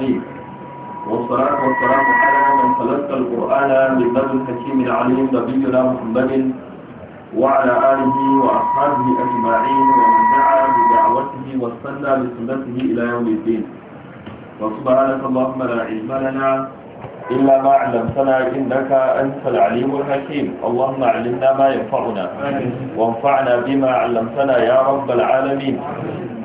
الحميد والصلاة والسلام على من خلق القرآن من باب الحكيم العليم نبينا محمد وعلى آله وأصحابه أجمعين ومن دعا بدعوته واستنى بسنته إلى يوم الدين وسبحانك اللهم لا علم لنا إلا ما علمتنا إنك أنت العليم الحكيم اللهم علمنا ما ينفعنا وانفعنا بما علمتنا يا رب العالمين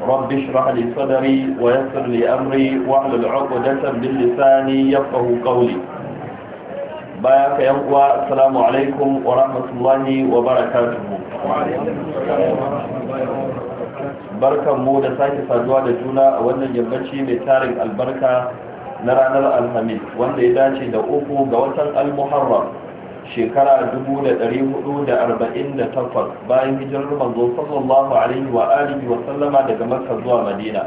رب اشرح لي صدري ويسر لي أمري واحلل عقدة من لساني يفقه قولي باياك يا أخوة السلام عليكم ورحمة الله وبركاته barkan mu da sake saduwa da juna a wannan yammaci mai tarin albarka na ranar alhamis wanda ya dace da uku ga watan al-muharram shekara takwas bayan hijirar manzo sallallahu alaihi wa alihi wa sallama daga makka zuwa madina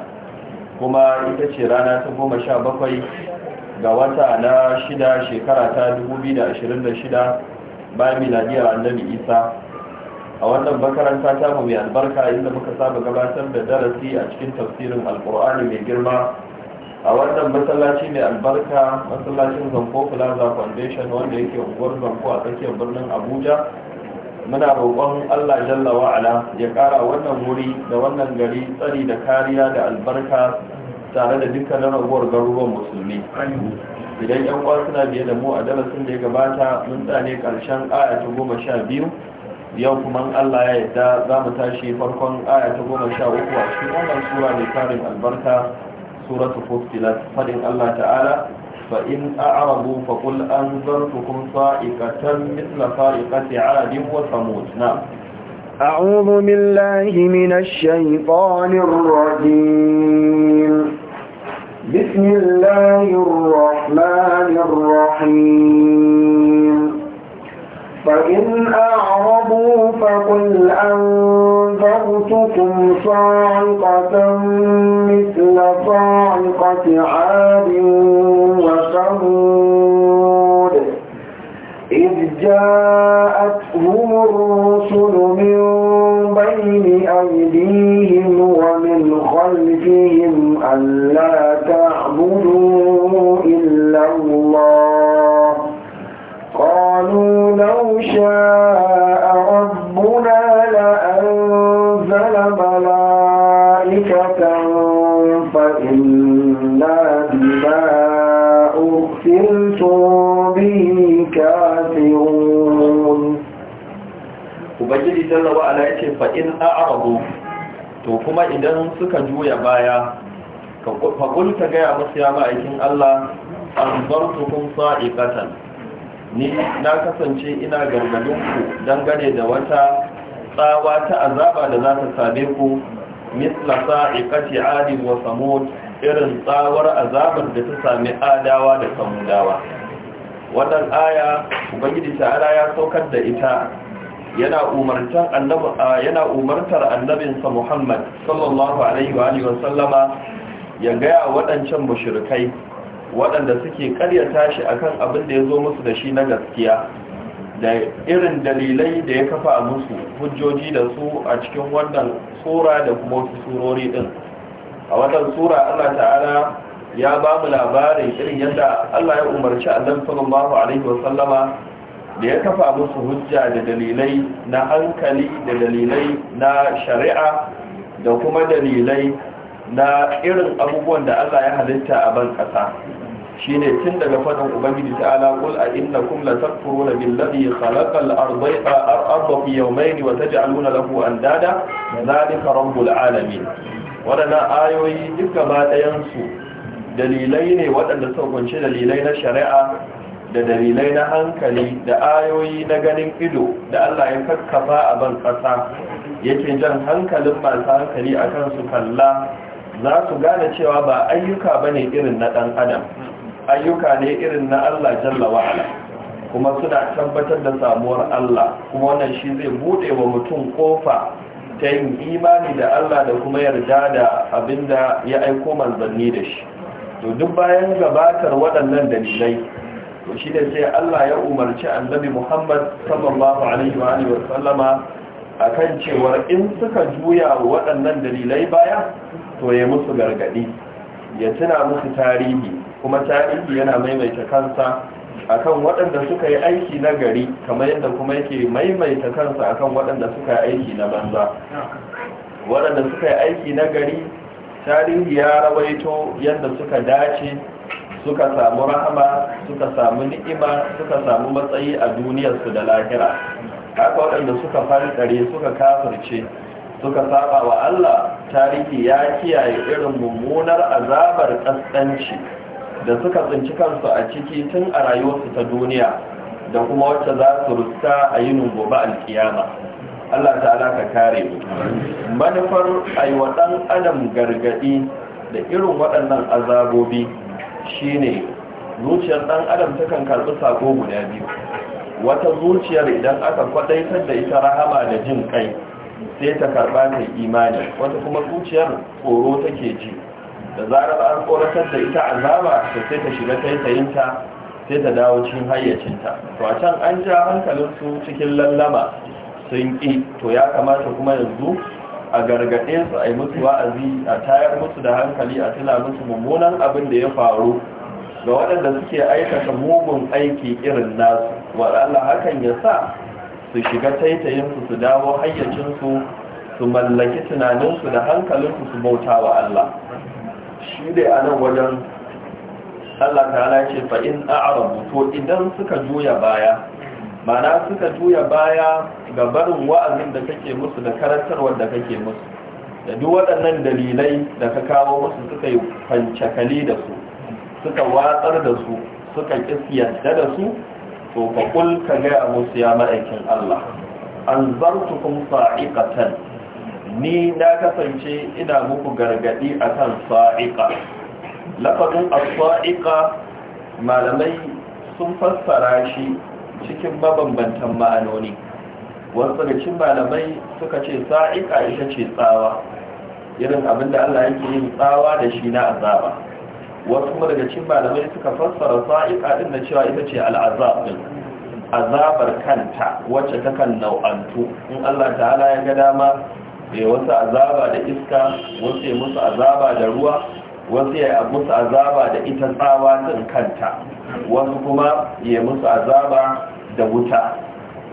kuma ita ce rana ta goma sha 17 ga wata na shida shekara ta 2026 bayan miladiyar annabi isa a wannan makaranta ta mu mai albarka inda muka saba gabatar da darasi a cikin tafsirin alkur'ani mai girma a wannan masallaci ne albarka masallacin zanko plaza foundation wanda yake unguwar zanko a tsakiyar birnin abuja muna roƙon allah jalla wa'ala ya ƙara wannan wuri da wannan gari tsari da kariya da albarka tare da dukkanin raguwar garuruwan musulmi idan yan uwa suna biye da mu a darasin da ya gabata mun tsane karshen aya ta goma sha biyu yau kuma allah ya yarda za mu tashi farkon aya ta goma sha uku a cikin wannan sura mai tarin albarka سورة فصلت فإن الله تعالى فإن أعرضوا فقل أنذرتكم صائقة مثل صائقة عاد وثمود نعم أعوذ بالله من الشيطان الرجيم بسم الله الرحمن الرحيم فإن أعرضوا فقل أنذرتكم صاعقة مثل صاعقة عاد وثمود إذ جاءتهم الرسل من بين أيديهم ومن خلفهم ألا تعبدون شاء ربنا لأنزل ملائكة فإنا بما أرسلتم به كافرون Ubangiji Jalla wa'ala ya ce fa'in a'arabu, to kuma idan suka juya baya, ka faƙul ta gaya masu yama aikin Allah, an zartukun sa'iƙatan, ni na kasance ina gargadin ku dangane da wata tsawa ta azaba da za ta same ku misla sa'iqati adi wa samud irin tsawar azabar da ta sami adawa da samudawa wannan aya ubangiji ta'ala ya saukar da ita yana umartar annabi yana umartar annabinsa Muhammad sallallahu alaihi wa alihi wa sallama ya ga waɗancan mushrikai waɗanda suke karya tashi akan abin da ya zo musu da shi na gaskiya da irin dalilai da ya kafa musu hujjoji da su a cikin wannan tsora da kuma wasu surori ɗin, a wannan tsora allah ta'ala ya ba mu labarin irin yadda allah ya umarci annabi sallallahu alaihi wasallama da ya kafa musu hujja da dalilai na hankali da dalilai na shari'a da kuma dalilai na irin abubuwan da allah ya halitta a ban ƙasa shine tun daga fadin ubangiji ta'ala qul a kum la takfuruna al khalaqal arda arda fi yawmayn wa taj'aluna lahu andada zalika rabbul alamin wadana ayoyi duka ba dayan su dalilai ne waɗanda suka kunshi dalilai na shari'a da dalilai na hankali da ayoyi na ganin ido da Allah ya kakkafa a ban ƙasa yake jan hankalin masu hankali a kan su kalla za su gane cewa ba ayyuka bane irin na ɗan adam ayyuka ne irin na Allah jalla wa'ala kuma suna tabbatar da samuwar Allah kuma wannan shi zai bude wa mutum kofa ta yin imani da Allah da kuma yarda da abinda ya aiko manzanni da shi to duk bayan gabatar waɗannan dalilai to shi da sai Allah ya umarci annabi Muhammad sallallahu alaihi wa alihi wa sallama akan cewa in suka juya waɗannan dalilai baya to ya musu gargadi ya tuna musu tarihi kuma tarihi yana maimaita kansa akan waɗanda suka yi aiki na gari kamar yadda kuma yake maimaita kansa akan waɗanda suka yi aiki na banza waɗanda suka yi aiki na gari tarihi ya rawaito yadda suka dace suka samu rahama suka samu ni'ima suka samu matsayi a duniyarsu da lahira haka waɗanda suka ɗare suka kafirce suka saba wa Allah tarihi ya kiyaye irin mummunar azabar ƙasƙanci da suka tsinci kansu a ciki tun a rayuwarsu ta duniya da kuma wacce za su rusta a nungo gobe alkiyama Allah ta'ala ka kare manufar aiwa adam gargadi da irin waɗannan azabobi shine zuciyar ɗan adam takan karɓi sako guda biyu wata zuciyar idan aka kwadaitar da ita rahama da jin kai sai ta karɓa ta imani wata kuma zuciyar tsoro take ji da zarar an tsoratar da ita azaba da sai ta shiga taitayinta sai ta dawo cikin hayyacinta to a can an ja hankalinsu cikin lallama sun ƙi to ya kamata kuma yanzu a gargaɗe su a yi musu wa'azi a tayar musu da hankali a tuna musu mummunan abin da ya faru ga waɗanda suke aikata mugun aiki irin nasu waɗanda hakan ya sa su shiga su su dawo hayyacinsu su mallaki tunaninsu da hankalinsu su bauta wa Allah shi da a nan wajen allah ta'ala ce fa'in a arabu to idan suka juya baya mana suka juya baya ga barin wa'azin da kake musu da karantarwar da kake musu da duk waɗannan dalilai da ka kawo musu suka yi fancakali da su suka watsar da su suka yadda da su to faƙul ka gaya musu ya ma'aikin allah an zartukun sa'iƙatan ni na kasance ina muku gargadi akan sa'iƙa. lafadun a sa'iƙa, malamai sun fassara shi cikin mabambantan ma'anoni wasu da cin malamai suka ce sa'iƙa ita ce tsawa irin abin da Allah yake yin tsawa da shi na azaba wasu kuma daga cin malamai suka fassara sa'iƙa ɗin da cewa ita ce al'azabin. azabar kanta wacce ta kan nau'antu in Allah ta'ala ya ga dama ya wasu azaba da iska wasu ya musu azaba da ruwa wasu ya musu azaba da ita tsawa tun kanta wasu kuma ya musu azaba da wuta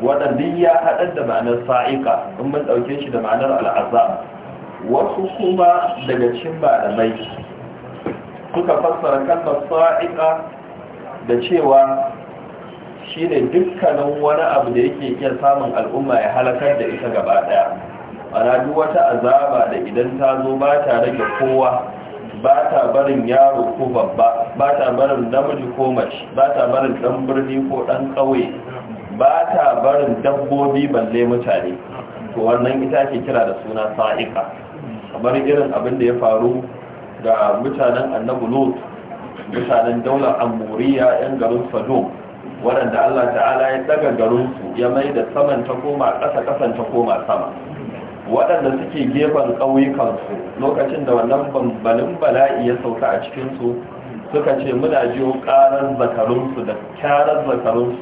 waɗanda ya haɗar da ma'anar sa'ika in ban ɗauke shi da ma'anar al'azab wasu kuma daga cin malamai suka fassara kalmar sa'ika da cewa shine dukkanin wani abu da yake iya samun al'umma ya halakar da ita gaba ɗaya ana duk wata azaba da idan ta zo ba ta rage kowa ba ta barin yaro ko babba ba ta barin namiji ko mace ba ta barin dan birni ko dan kauye ba ta barin dabbobi balle mutane to wannan ita ke kira da suna sa'ika kamar irin abin da ya faru ga mutanen annabu lot mutanen daular amuriya yan garin sodom waɗanda allah ta'ala ya daga garinsu ya mai da saman ta koma ƙasa ƙasan ta koma sama waɗanda suke gefen ƙauyukansu lokacin da wannan bambalin bala'i ya sauka a cikinsu suka ce muna jiyo ƙarar zakarunsu da kyarar zakarunsu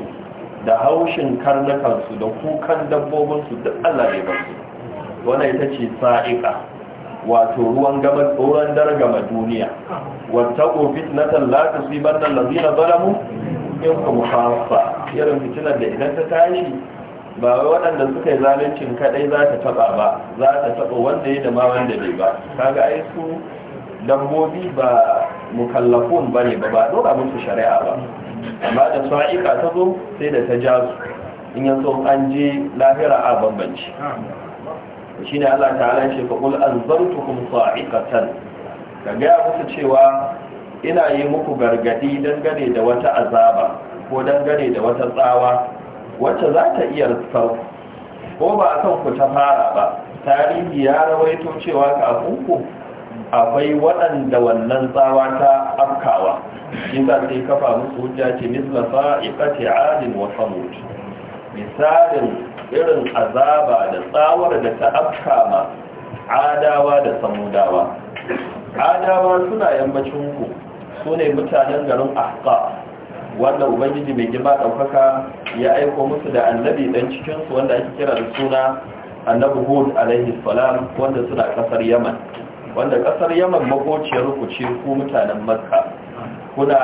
da haushin karnukansu da kukan dabbobinsu duk allah ne ba su ita ce sa'iƙa wato ruwan gaban tsoron dargama duniya wata ofis na tallata su yi lazina zalamu in kuma fasa irin fitinar da idan ta tashi ba wai waɗanda suka yi zaluncin kaɗai za ta taba ba za ta taba wanda ya da ma wanda bai ba kaga ai su dambobi ba mukallafun ba ne ba ba dora musu shari'a ba amma da sa'ika ta zo sai da ta ja su in yanzu an je lahira a bambanci shi ne allah ta'ala ce faƙul an zartukum sa'ikatan ka gaya musu cewa ina yi muku gargadi dangane da wata azaba ko dangane da wata tsawa wacce za ta iya rufar ko ba a kan kuta ta fara ba tarihi ya rawaito cewa kafin ku akwai waɗanda wannan tsawa ta afkawa shi za kafa musu hujja ce misla ce adin wa misalin irin azaba da tsawar da ta afka ma adawa da samudawa adawa suna yammacin su ne mutanen garin ahqa wanda ubangiji mai girma ɗaukaka ya aiko musu da annabi ɗan cikinsu wanda ake kira da suna annabi hud alaihi salam wanda suna ƙasar yaman wanda ƙasar yaman makociyar ku ce ku mutanen makka kuna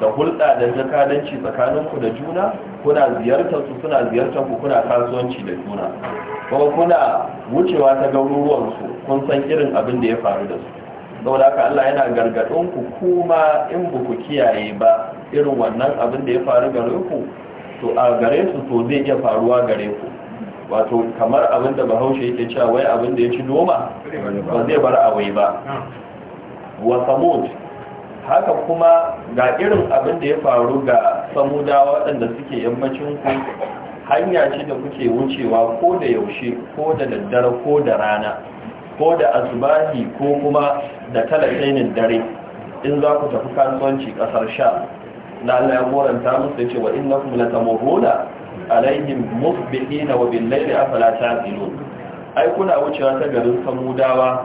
da hulɗa da jakadanci tsakaninku da juna kuna ziyartar su suna ziyartar ku kuna kasuwanci da juna kuma kuna wucewa ta garuruwansu kun san irin abin da ya faru da su saboda haka Allah yana gargadin ku kuma in ba kiyaye ba irin wannan abin da ya faru gare ku to a gare su to zai iya faruwa gare ku wato kamar abin da bahaushe yake cewa wai abin da ya ci noma ba zai bar awai ba wa samud haka kuma ga irin abin da ya faru ga samudawa waɗanda suke yammacin ku hanya ce da kuke wucewa ko da yaushe ko da daddare ko da rana ko da asubahi ko kuma da talatainin dare in za ku tafi kasuwanci kasar sha na Allah ya goranta musu ce wa innakum latamuruna alaihim musbihina wa billayli afala taqilun ai kuna wucewa ta garin samudawa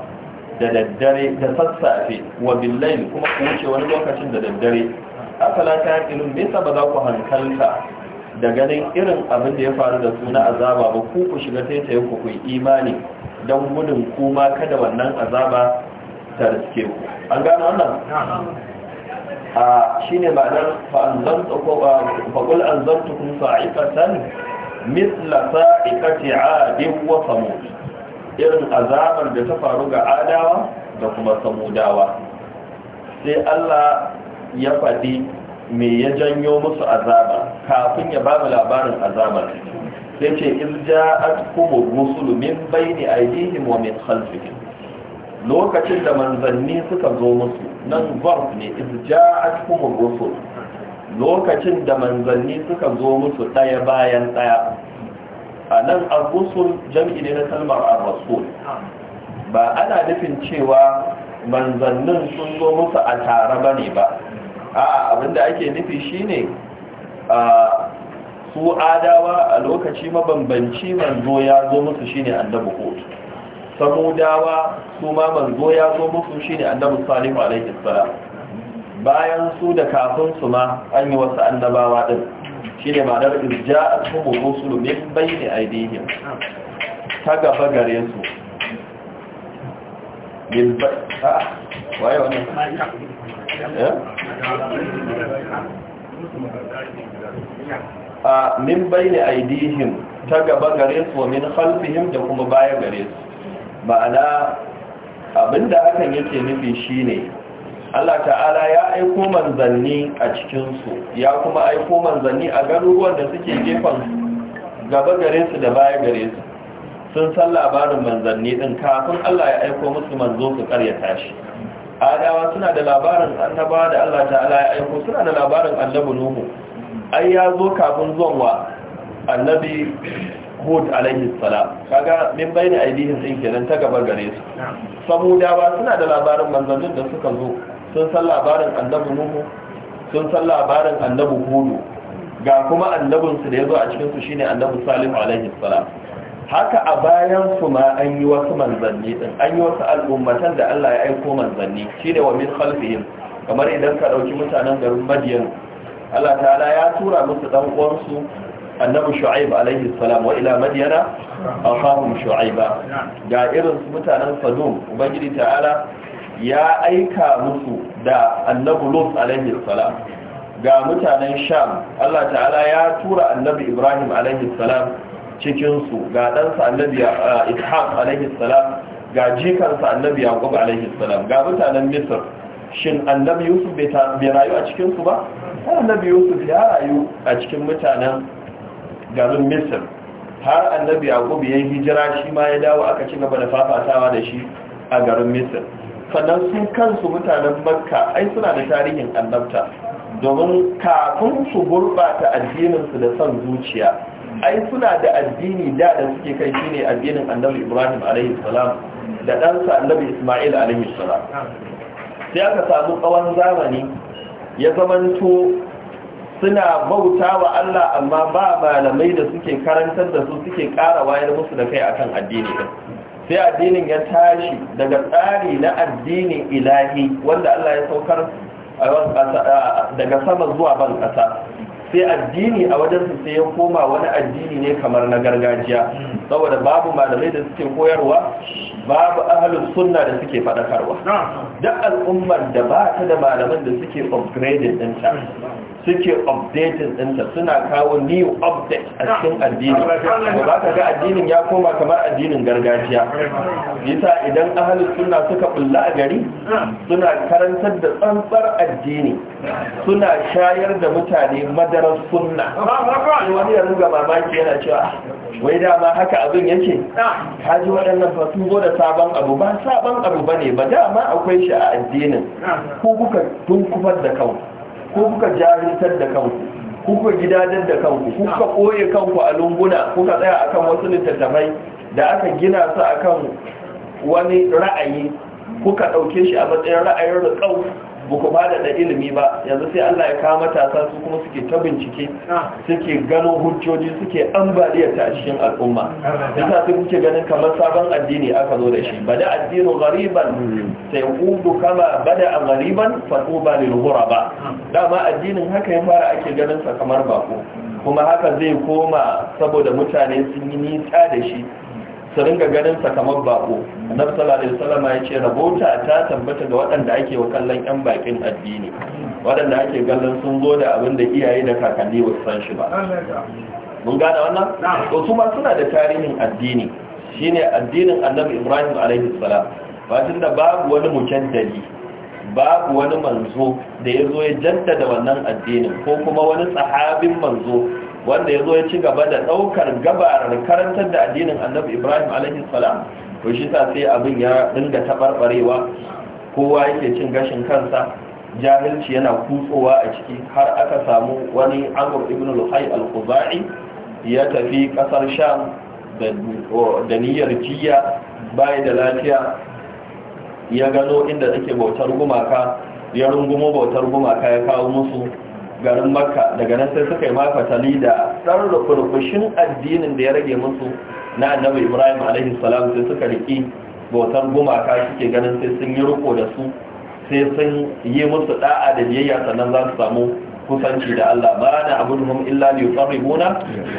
da daddare da sassafe Wabin billayli kuma ku wuce wani lokacin da daddare afala taqilun me yasa ba za ku hankalta da ganin irin abin da ya faru da su na azaba ba ku ku shiga sai ta ku kuyi imani don gudun kuma kada wannan azaba ta riske ku an gano wannan a shi ne ma'anar faƙul an zantu kun sa'ifatan misla sa'ifati adin wa samud irin azabar da ta faru ga adawa da kuma samudawa sai Allah ya faɗi me ya janyo musu azaba kafin ya ba mu labarin azabar sai ce irja'at rusul min bayni aydihim wa min khalfihim lokacin da manzanni suka zo musu nan zarf ne izja kubur rusul lokacin da manzanni suka zo musu daya bayan daya a nan ar-rusul jam'i ne na kalmar ar-rasul ba ana nufin cewa manzannin sun zo musu a tare bane ba a abinda ake nufi shi a su adawa a lokaci mabambanci manzo ya zo musu shine annabi hud samudawa su ma manzo ya zo musu shi ne annabi salihu alaihi salam bayan su da kafin su ma an yi wasu annabawa din shi ne ma. shine a irja'atuhum rusulu min yi aydihim ta gaba gare su min bayni waye a min bayni aidihim ta gaba gare su wa min khalfihim da kuma baya gare su ma'ana abinda akan yake nufi shine Allah ta'ala ya aiko manzanni a cikinsu ya kuma aiko manzanni a garuruwan da suke gefen gaba gare su da baya gare su sun san labarin manzanni din kafin Allah ya aiko musu manzo su karyata shi adawa suna da labarin annaba da Allah ta'ala ya aiko suna da labarin annabi nuhu ai ya zo kafin zuwan wa annabi hud alaihi salam kaga min bayni aidihin din kenan ta gaba gare su saboda ba suna da labarin manzannin da suka zo sun san labarin annabi nuhu sun san labarin annabi hud ga kuma annabinsu da ya zo a cikinsu shine annabi salim alaihi salam haka a bayansu ma an yi wasu manzanni din an yi wasu al'ummatan da Allah ya aiko manzanni ne wa min khalfihim kamar idan ka dauki mutanen garin Madian Allah ta'ala ya tura musu dan uwansu annabi Shu'aib alaihi salam wa ila Madyana akhahum Shu'aiba ga irin mutanen Sadum ubangiji ta'ala ya aika musu da annabi Lut alaihi salam ga mutanen Sham Allah ta'ala ya tura annabi Ibrahim alaihi salam cikinsu ga ɗansa annabi ishaq alaihi salam ga jikansa annabi yaqub alaihi salam ga mutanen misr shin annabi yusuf bai rayu a cikinsu ba annabi yusuf ya rayu a cikin mutanen garin misr har annabi yaqub ya hijira shi ma ya dawo aka ci gaba da fafatawa da shi a garin misr sannan su kansu mutanen makka ai suna da tarihin annabta domin kafin su gurbata addininsu da son zuciya ai suna da addini da da suke kai shine addinin annabi ibrahim alaihi salam da ɗansa annabi isma'il alaihi salam sai aka samu tsawon zamani ya zamanto suna bauta wa Allah amma ba malamai da suke karantar da su suke ƙara wayar musu da kai akan addini din sai addinin ya tashi daga tsari na addinin ilahi wanda Allah ya saukar daga sama zuwa ban ƙasa sai addini a wajen su sai ya koma wani addini ne kamar na gargajiya saboda babu malamai da suke koyarwa babu ahalin sunna da suke fadakarwa duk al'ummar da ba ta da malaman da suke upgraded ɗinta suke updating dinta suna kawo new update a cikin addini ba ka ga addinin ya koma kamar addinin gargajiya Yasa idan ahalin suna suka bulla a gari suna karantar da tsantsar addini suna shayar da mutane madarar sunna wani ya ruga mamaki yana cewa wai dama haka abin yake haji waɗannan ba sun zo da sabon abu ba sabon abu ba ne ba dama akwai shi a addinin ko kuka tun kufar da kanku ku kuka jarintar da kanku kuka gidajen da kanku kuka koye kanku a lunguna kuka tsaya akan wasu littattafai da aka gina su akan wani ra'ayi kuka ɗauke shi a matsayin ra'ayin rikau ba da ilimi ba yanzu sai Allah ya kawo matasa su kuma suke ta bincike suke gano hujjoji suke ambaliyar ta cikin al'umma yasa sai kuke ganin kamar sabon addini aka zo da shi bada addinu ghariban sai ubu kama bada ghariban fa lil ghuraba dama addinin haka ya fara ake ganin sa kamar bako kuma haka zai koma saboda mutane sun yi nisa da shi su ringa ganin sa kamar bako Annab sallallahu alaihi wasallam ya ce rabota ta tabbata ga waɗanda ake wa kallon yan bakin addini waɗanda ake kallon sun zo da abin da iyaye da kakanni ba san shi ba mun gane wannan to su ma suna da tarihin addini shine addinin annabi Ibrahim alaihi salam tun da babu wani mujaddadi babu wani manzo da ya zo ya jaddada wannan addinin ko kuma wani sahabin manzo wanda ya zo ya ci gaba da daukar gabarar karantar da addinin annabi ibrahim alaihi salam to shi sa sai abin ya dinga taɓarɓarewa kowa yake cin gashin kansa jahilci yana kutsowa a ciki har aka samu wani amur ibn al-hay al-khuzai ya tafi kasar sham da niyyar jiya bai da lafiya ya gano inda take bautar gumaka ya rungumo bautar gumaka ya kawo musu garin makka daga nan sai suka yi mafatali da ɗan rukurkushin addinin da ya rage musu na annabi ibrahim alaihi salam sai suka riki bautar gumaka suke ganin sai sun yi riko da su sai sun yi musu da'a da biyayya sannan za su samu kusanci da Allah ba na abuduhum illa li yuqarribuna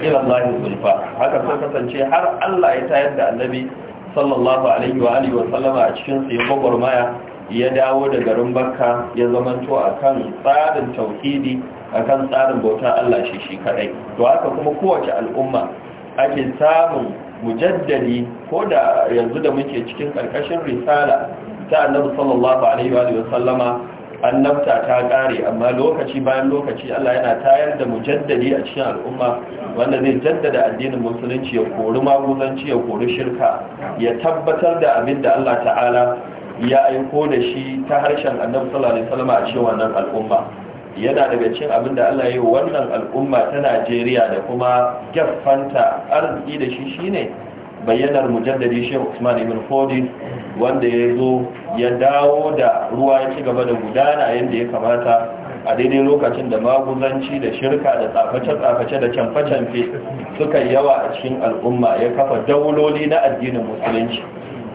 ila Allah zulfa haka sai kasance har Allah ya tayar da annabi sallallahu alaihi wa alihi wa sallama a cikin sa gwagwarmaya ya dawo da garin Bakka ya zamanto akan tsarin tauhidi akan tsarin bauta Allah shi shi kadai to haka kuma kowace al'umma ake samun mujaddadi ko da yanzu da muke cikin karkashin risala ta annabi sallallahu alaihi wa sallama annabta ta kare amma lokaci bayan lokaci Allah yana tayar da mujaddadi a cikin al'umma wanda zai jaddada addinin musulunci ya kori maguzanci ya kori shirka ya tabbatar da abin da Allah ta'ala ya aiko da shi ta harshen annabi sallallahu alaihi wa sallama a cikin wannan al'umma yana daga cikin abin da Allah ya yi wannan al'umma ta Najeriya da kuma gaffanta arziki da shi shine bayyanar mujaddadi Sheikh Usman ibn Fodi wanda ya zo ya dawo da ruwa ya ci gaba da gudana yadda ya kamata a daidai lokacin da maguzanci da shirka da tsaface-tsaface da canfe-canfe suka yawa a cikin al'umma ya kafa dauloli na addinin musulunci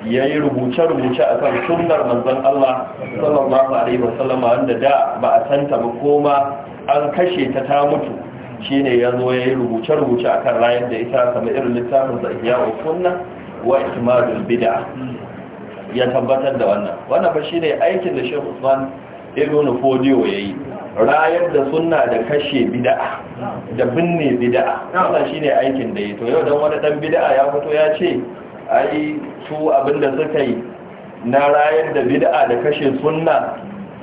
ya yi rubuce-rubuce a kan sunar manzan Allah sallallahu alaihi wasallama wanda da ba a tanta ba koma an kashe ta ta mutu Shi ne ya zo ya yi rubuce-rubuce a kan rayar da ita kama irin littafin sa iya sunna wa ikmalul bid'a ya tabbatar da wannan wannan ba shi ne aikin da Sheikh Usman fodiyo ya yi. rayar da sunna da kashe bid'a da binne bid'a wannan ne aikin da yi to yau don wani dan bid'a ya fito ya ce ai su abinda suka yi na rayar da bid'a da kashe sunna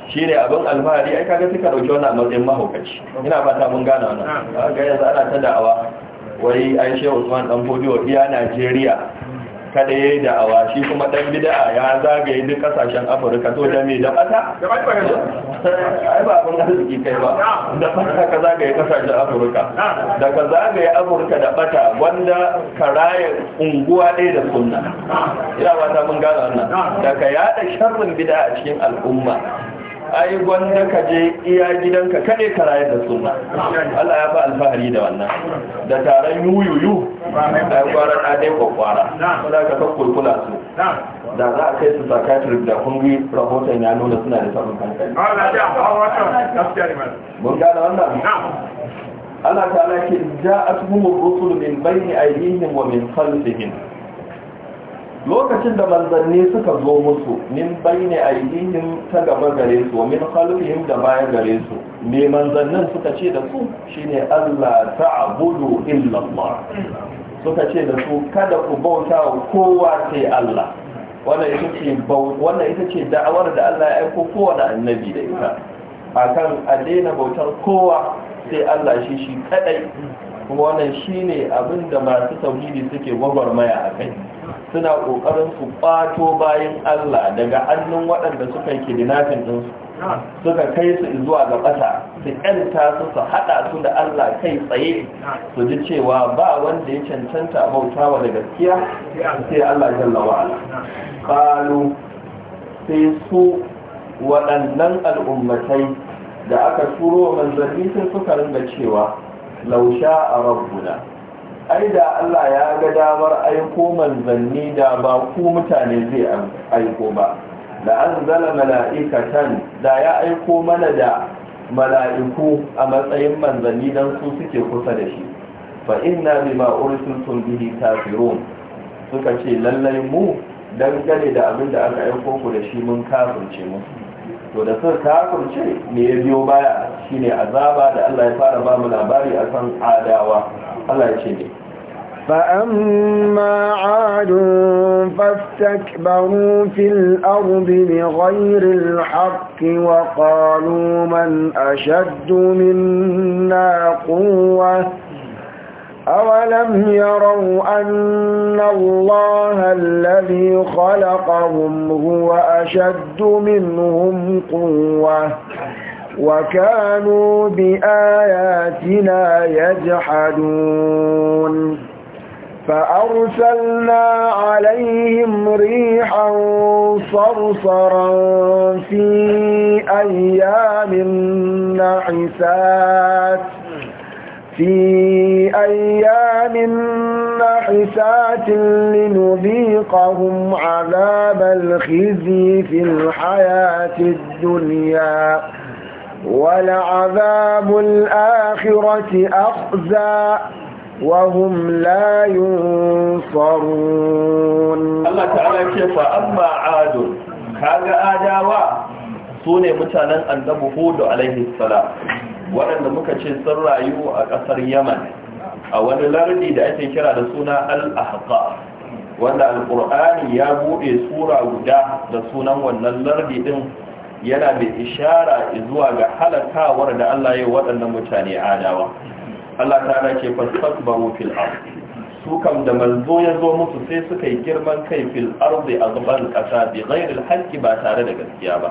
shine abin alfahari ai kaga suka dauki wannan matsayin mahaukaci ina fata mun gane wannan ga yanzu ana ta da'awa wai ai Shehu Usman dan Fodiyo iya Najeriya kada ya yi da'awa shi kuma ɗan bida'a ya zagaye duk ƙasashen afirka to da mai da ƙasa ai ba abin arziki kai ba da fata ka zagaye ƙasashen afirka da ka zagaye afirka da fata wanda ka raya unguwa ɗaya da sunna ina wata mun gano wannan da ka yaɗa sharrin bida'a cikin al'umma ai gwanda ka je iya gidanka kaɗai ka rayu da suna Allah ya fi alfahari da wannan da taron yuyuyu da yi kwarar adai kwakwara da ka kakwai kulkula su da za a kai su psychiatric da kungi rahoton ya nuna suna da sabon hankali mun gane wannan Allah ta a ja'atuhum rusul min bayni aydihim wa min khalfihim lokacin da manzanni suka zo musu min bayne aidihim ta gaba gare su min khalfihim da baya gare su me manzannin suka ce da su shine Allah ta'budu illa Allah suka ce da su kada ku bauta wa kowa sai Allah wannan ita ce wannan ita ce da'awar da Allah ya aiko kowane annabi da ita akan a daina bautar kowa sai Allah shi shi kadai kuma wannan shine abin da masu tauhidi suke gwagwarmaya a kai suna ƙoƙarin su ɓato bayan Allah daga hannun waɗanda suka yi kidnapping din suka kai su zuwa ga ƙasa su ƙanta su su haɗa su da Allah kai tsaye su ji cewa ba wanda ya cancanta wa da gaskiya sai Allah jalla wa ala qalu sai su waɗannan al'ummatai da aka turo manzanni sai suka ringa cewa lausha a rabbuna ai da Allah ya ga damar aiko manzanni da ba ku mutane zai aiko ba da an zala mala'ikatan da ya aiko mana da mala'iku a matsayin manzanni don su suke kusa da shi fa inna bima ursiltum bihi kafirun suka ce lallai mu dangane da abin da aka aiko ku da shi mun kafirce musu to da sun kafirce me ya biyo baya shine azaba da Allah ya fara ba mu labari akan adawa Allah ya ce ne فأما عاد فاستكبروا في الأرض بغير الحق وقالوا من أشد منا قوةً أولم يروا أن الله الذي خلقهم هو أشد منهم قوة وكانوا بآياتنا يجحدون فأرسلنا عليهم ريحا صرصرا في أيام نحسات في أيام نحسات لنذيقهم عذاب الخزي في الحياة الدنيا ولعذاب الآخرة أخزى وهم لا ينصرون الله تعالى كيف أما عاد كاغا آداوا سوني متانا أنه هود عليه السلام waɗanda muka ce sun rayu a ƙasar yaman a wani lardi da ake kira da suna al-ahqa wanda al alƙur'ani ya buɗe sura guda da sunan wannan lardi ɗin yana da ishara zuwa ga halakawar da Allah ya waɗannan mutane adawa Allah ta ce fastakbaru fil ardh su kam da manzo ya zo musu sai suka yi girman kai fil ardi a gaban kasa bi ghairil haqqi ba tare da gaskiya ba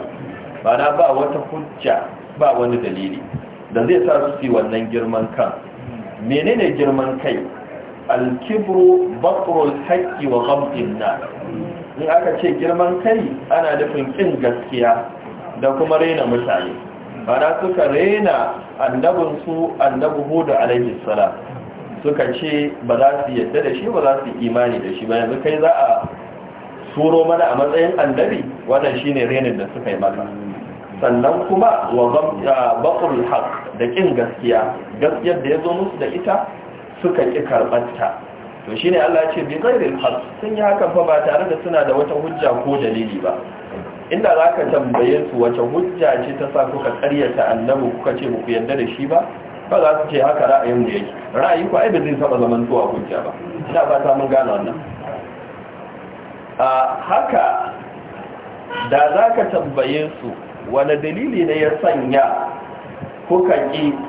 ba na ba wata hujja ba wani dalili da zai sa su fi wannan girman kan menene girman kai alkibru bakrul haqqi wa ghamdin na in aka ce girman kai ana nufin kin gaskiya da kuma raina mutane bana suka raina annabinsu annabu hudu alaihi salam suka ce ba za su yadda da shi ba za su imani da shi ba yanzu kai za a turo mana a matsayin annabi wannan shine rainin da suka yi maka sannan kuma wa baƙul haƙ da ƙin gaskiya gaskiyar da ya zo musu da ita suka ƙi karɓarta to shi ne Allah ce bi zairin haƙ sun yi hakan fa ba tare da suna da wata hujja ko dalili ba inda za ka tambaye su wace hujja ce ta sa kuka ƙaryata annabu kuka ce muku yarda da shi ba ba za su ce haka ra'ayin da yake ra'ayi ko ai ba zai saba zaman zuwa hujja ba ina ta mun gane wannan a haka da za ka tambaye su wani dalili ne ya sanya kuka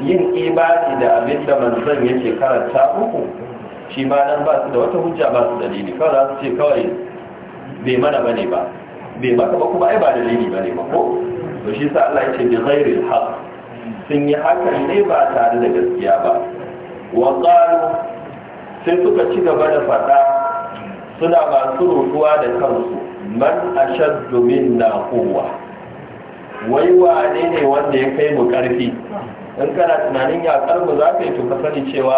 yin imani da abin da manzan yake karanta uku shi ma nan ba su da wata hujja ba su dalili kawai za su ce kawai bai mana bane ba bai maka ba kuma ai ba dalili bane ba ko to shi sa Allah ya ce bi al haq sun yi hakan ne ba tare da gaskiya ba wa qalu sai suka ci gaba da fada suna masu rutuwa da kansu man ashaddu minna quwwa wai wane ne wanda ya kai mu karfi in kana tunanin yakar mu za ka yi tuka sani cewa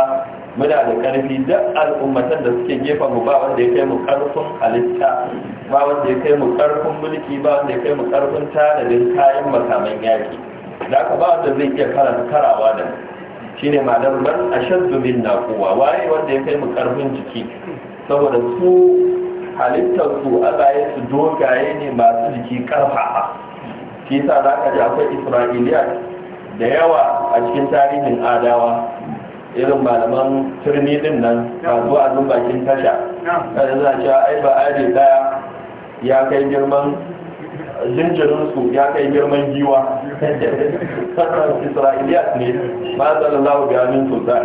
muna da karfi duk al'ummatan da suke gefen mu ba wanda ya kai mu karfin halitta ba wanda ya kai mu karfin mulki ba wanda ya kai mu karfin tanadin kayan makaman yaki da ka ba wanda zai iya karanta karawa da shi shine malam man ashaddu na kowa waye wanda ya kai mu karfin jiki saboda su halittar su Allah ya su dogaye ne masu jiki karfafa shi sa za ka ji akwai isra'iliya da yawa a cikin tarihin adawa irin malaman turmi din nan a wa'azin bakin tasha kada za cewa ai ba ari daya ya kai girman su ya kai girman giwa sannan isra'iliya ne ba sallallahu lalawa gamin sosai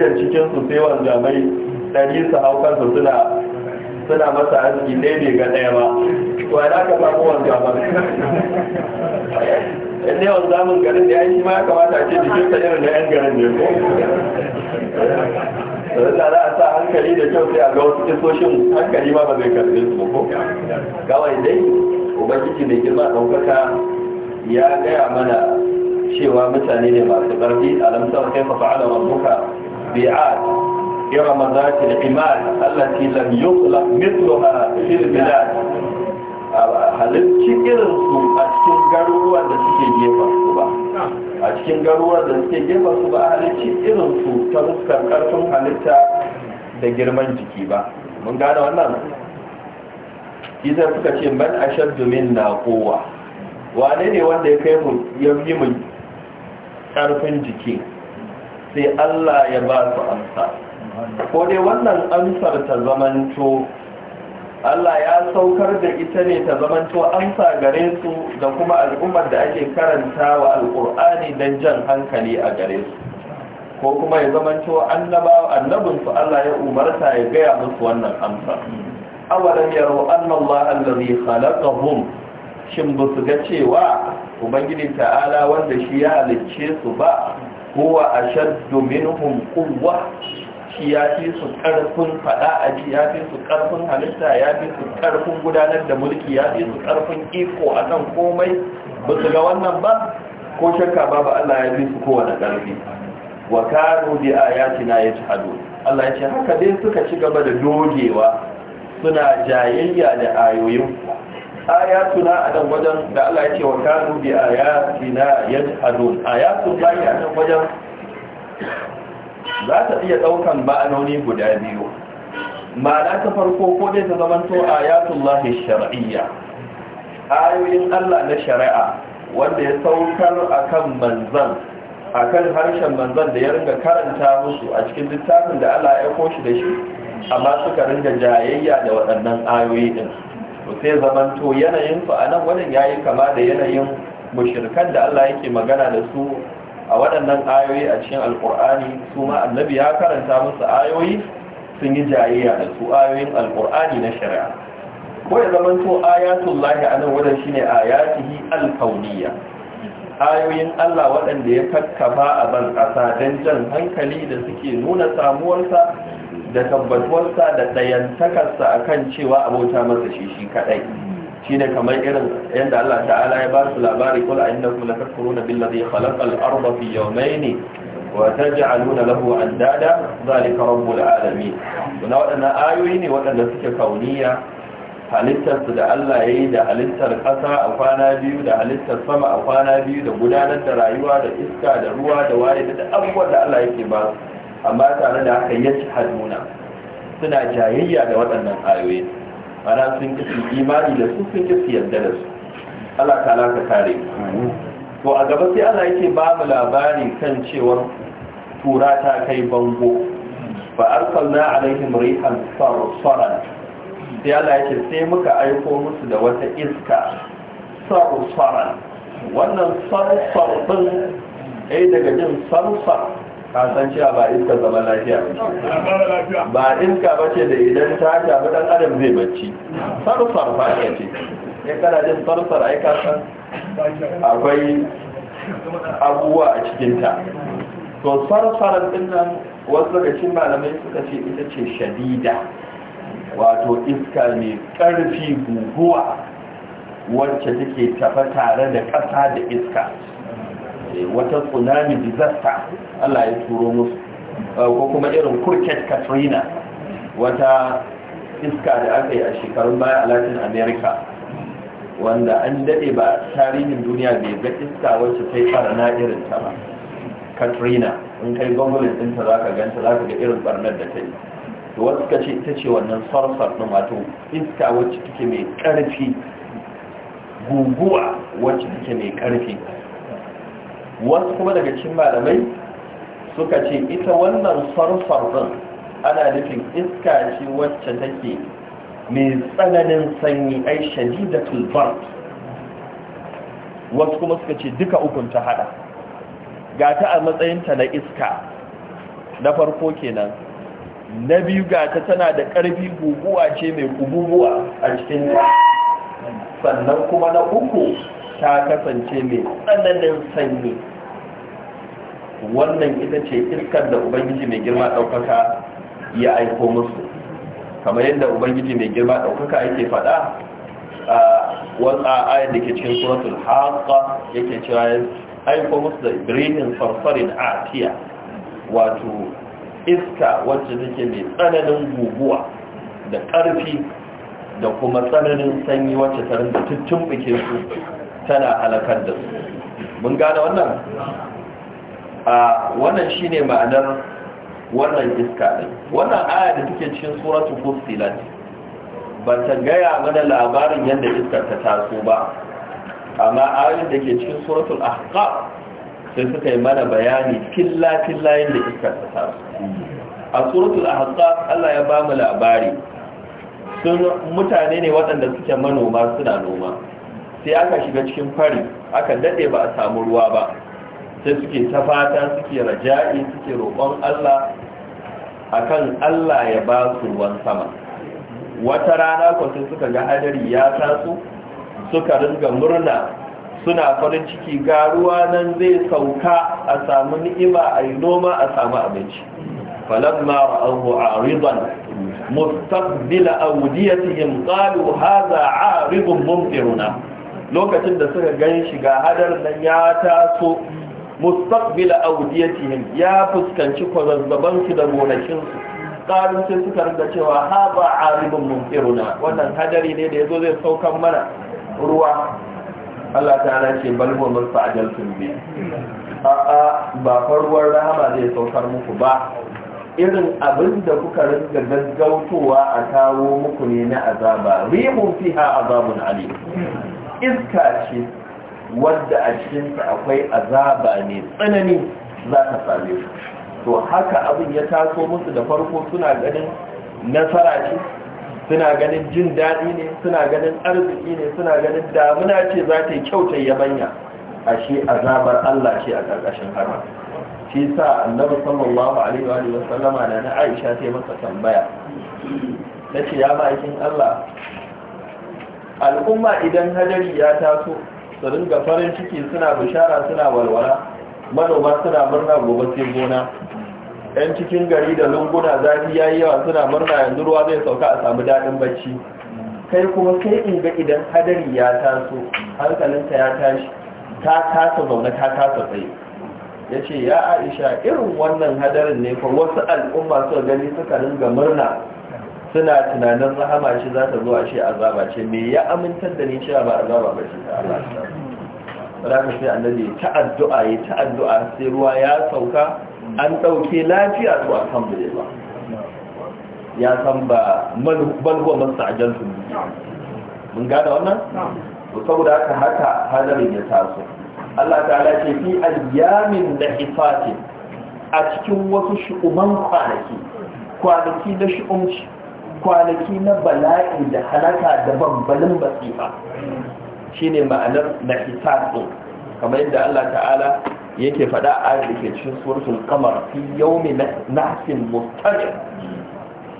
da cikin su sai wanda mai ɗari su haukar su suna suna masa arziki ɗaya ne ga ɗaya ba to ana ka samu wanda ba in yawan zamun garin da ya yi ma ya kamata ce jikin sa irin da yan garin ne ko da za a sa hankali da kyau sai a ga wasu kisoshin hankali ma ba zai karbe su ko kawai dai ubangiji mai girma ɗaukaka ya gaya mana cewa mutane ne masu ƙarfi lamsar kai fa fa'ala muka bi'ad إرم ذات العماد التي لم يطلق مثلها في البلاد cikin irinsu a cikin garuruwa da suke gefa su ba a cikin garuruwa da suke gefa su ba halin cikin irinsu ta fuskar karfin halitta da girman jiki ba mun gane wannan Ita suka ce shan domin na kowa wane ne wanda ya kai mu ya fi mu karfin jiki sai Allah ya ba su amsa ko dai wannan amsar ta zamanto Allah ya saukar da ita ne ta zamanto amsa gare su da kuma al'ummar da ake karanta wa Alƙur'ani don jan hankali a gare su ko kuma ya zamanto annabinsu Allah ya umarta ya gaya musu wannan amsa awalan yaro annallaha allazi khalaqahum shin ba su ga cewa ubangiji ta'ala wanda shi ya halicce su ba huwa ashaddu minhum quwwah shi ya fi su ƙarfin faɗa ji ya fi su ƙarfin halitta ya fi su ƙarfin gudanar da mulki ya fi su ƙarfin iko a kan komai ba su ga wannan ba ko shakka babu Allah ya fi su kowane ƙarfi wa kano bi a ya ci hado Allah ya ce haka dai suka ci gaba da dogewa suna jayayya da ayoyin ayatuna a nan wajen da Allah ya ce wa kano bi a ya hado ayatun a nan wajen za ta iya ɗaukan ma'anoni guda biyu ma'ana ta farko ko dai ta zamanto ayatullahi shar'iyya ayoyin Allah na shari'a wanda ya saukar akan manzan akan harshen manzan da ya ringa karanta musu a cikin littafin da Allah ya koshi da shi amma suka ringa jayayya da waɗannan ayoyi din to sai zamanto yanayin fa'anan anan wannan yayi kama da yanayin mushrikan da Allah yake magana da su a waɗannan ayoyi a cikin Alƙur'ani, su ma annabi ya karanta musu ayoyi sun yi jayayya da su ayoyin Alƙur'ani na shari'a ko ya zama to ayatul lahi anan wadan shine ayatihi alkauniyya ayoyin Allah waɗanda ya kakkafa a ban ƙasa don jan hankali da suke nuna samuwarsa da tabbatuwarsa da ɗayantakarsa a kan cewa abota masa shi shi kaɗai shine kamar irin yadda Allah ta'ala ya ba su labari kul innakum latakfuruna billazi khalaqal arda fi yawmayn wa taj'aluna lahu andada zalika rabbul alamin wannan wadannan ayoyi ne wadanda suke kauniya halittar su da Allah yayi da halittar kasa a kwana biyu da halittar sama a kwana biyu da gudanar da rayuwa da iska da ruwa da waye da abubuwan da Allah yake ba amma tare da haka yace haduna suna jayayya da waɗannan ayoyi mana sun kisi imani da su sun kisi yadda da su Allah ta ka kare to a gaba sai Allah yake ba mu labari kan cewar tura ta kai bango fa arsalna alaihim rihan sarsaran sai Allah yake sai muka aiko musu da wata iska sarsaran wannan sarsar din ai daga jin sarsar Kasan cewa ba iska zama lafiya ba iska ba ce da idan ta shafi dan adam zai bacci sarsar ba ita ce in kana jin sarsar ai akwai abubuwa a cikinta to sarsar din nan wasu daga cikin malamai suka ce ita ce shadida wato iska mai karfi guguwa wacce take tafa tare da ƙasa da iska wata tsunami disaster Allah ya turo musu uh, ko kuma irin kurket katrina wata iska da aka yi a shekarun baya a latin america wanda an daɗe ba tarihin duniya bai ga iska wacce ta yi na irin ta ba katrina in kai gwamnatin ɗinta za ka ganta za ka ga irin barnar da ta yi to wasu ka ce ita ce wannan sarsar ɗin wato iska wacce take mai ƙarfi guguwa wacce take mai ƙarfi wasu kuma daga cikin malamai suka ce ita wannan farfar din ana nufin iska ce wacce take mai tsananin sanyi ai shadidatul bard wasu kuma suka ce duka ukun ta hada ga ta a matsayinta na iska na farko kenan na biyu ga ta tana da ƙarfi guguwa ce mai guguwa a cikin sannan kuma na uku ta kasance mai tsananin sanyi wannan ita ce iskar da ubangiji mai girma ɗaukaka ya aiko musu kamar yadda ubangiji mai girma ɗaukaka yake faɗa a wata ayar da ke cikin suratul haka yake cewa ya aiko musu da birnin farfarin atiya wato iska wacce take mai tsananin guguwa da ƙarfi da kuma tsananin sanyi wacce ta tuttun bikin su tana halakar da su mun gane wannan a wannan shine ma'anar wannan iska ɗin wannan aya da take cikin suratu fusilat ban ta gaya mana labarin yadda iskar ta taso ba amma ayoyin da ke cikin suratul ahqaf sai suka yi mana bayani filla-filla yadda iskar ta taso a suratul ahqaf Allah ya ba mu labari sun mutane ne waɗanda suke manoma suna noma sai aka shiga cikin fari aka dade ba a samu ruwa ba sai suke ta fata suke raja'i suke roƙon Allah akan Allah ya ba su ruwan sama wata rana ko sai suka ga hadari ya taso suka ringa murna suna farin ciki ga ruwa nan zai sauka a samu ni'ima a yi noma a samu abinci falamma ra'ahu aridan mustaqbil awdiyatihim qalu hadha aridun mumtiruna lokacin da suka gan shi ga hadar nan ya taso mustaqbila awdiyatihim ya fuskanci kwazazzaban su da gonakin su qalu sai suka rinda cewa ha ba aribun mumtiruna wannan hadari ne da yazo zai saukan mana ruwa Allah ta'ala ce bal huwa man fa'ajaltum bi a'a ba farwar rahama zai saukar muku ba irin abin da kuka riga gaggautowa a kawo muku ne na azaba rihum fiha azabun alim iska ce wadda a cikinsa akwai azaba ne tsanani za ta same su to haka abin ya taso musu da farko suna ganin nasara ce suna ganin jin daɗi ne suna ganin arziki ne suna ganin damuna ce za ta yi kyautar yabanya a shi azabar Allah ce a ƙarƙashin haka shi sa annabi sallallahu alaihi wa sallama da na Aisha ta masa tambaya ta ce ya ma'aikin Allah al'umma idan hadari ya taso su ringa farin ciki suna bishara suna walwala manoma suna murna gobe sai gona yan cikin gari da lunguna zafi ya yi yawa suna murna yanzu ruwa zai sauka a samu daɗin bacci kai kuma kai in ga idan hadari ya taso hankalinka ya tashi ta kasa zaune ta kasa tsaye ya ce ya aisha irin wannan hadarin ne ko wasu al'umma suka gani suka ringa murna suna tunanin rahama shi za ta zo a shi azaba ce me ya amintar da ni cewa ba azaba ba ce ta Allah sai annabi ta addu'a yi ta addu'a sai ruwa ya sauka an dauke lafiya to alhamdulillah ya san ba man huwa mastajantu mun gada wannan to saboda haka haka hadarin ya taso Allah ta'ala ce fi ayyamin da ifati a cikin wasu shi'uman kwanaki kwanaki da shi'umci kwanaki na bala'i da halaka da bambalin basifa shine ma'anar na hisabu kamar yadda Allah ta'ala yake faɗa a da ke cikin suratul qamar fi yawmi nahsin mustajir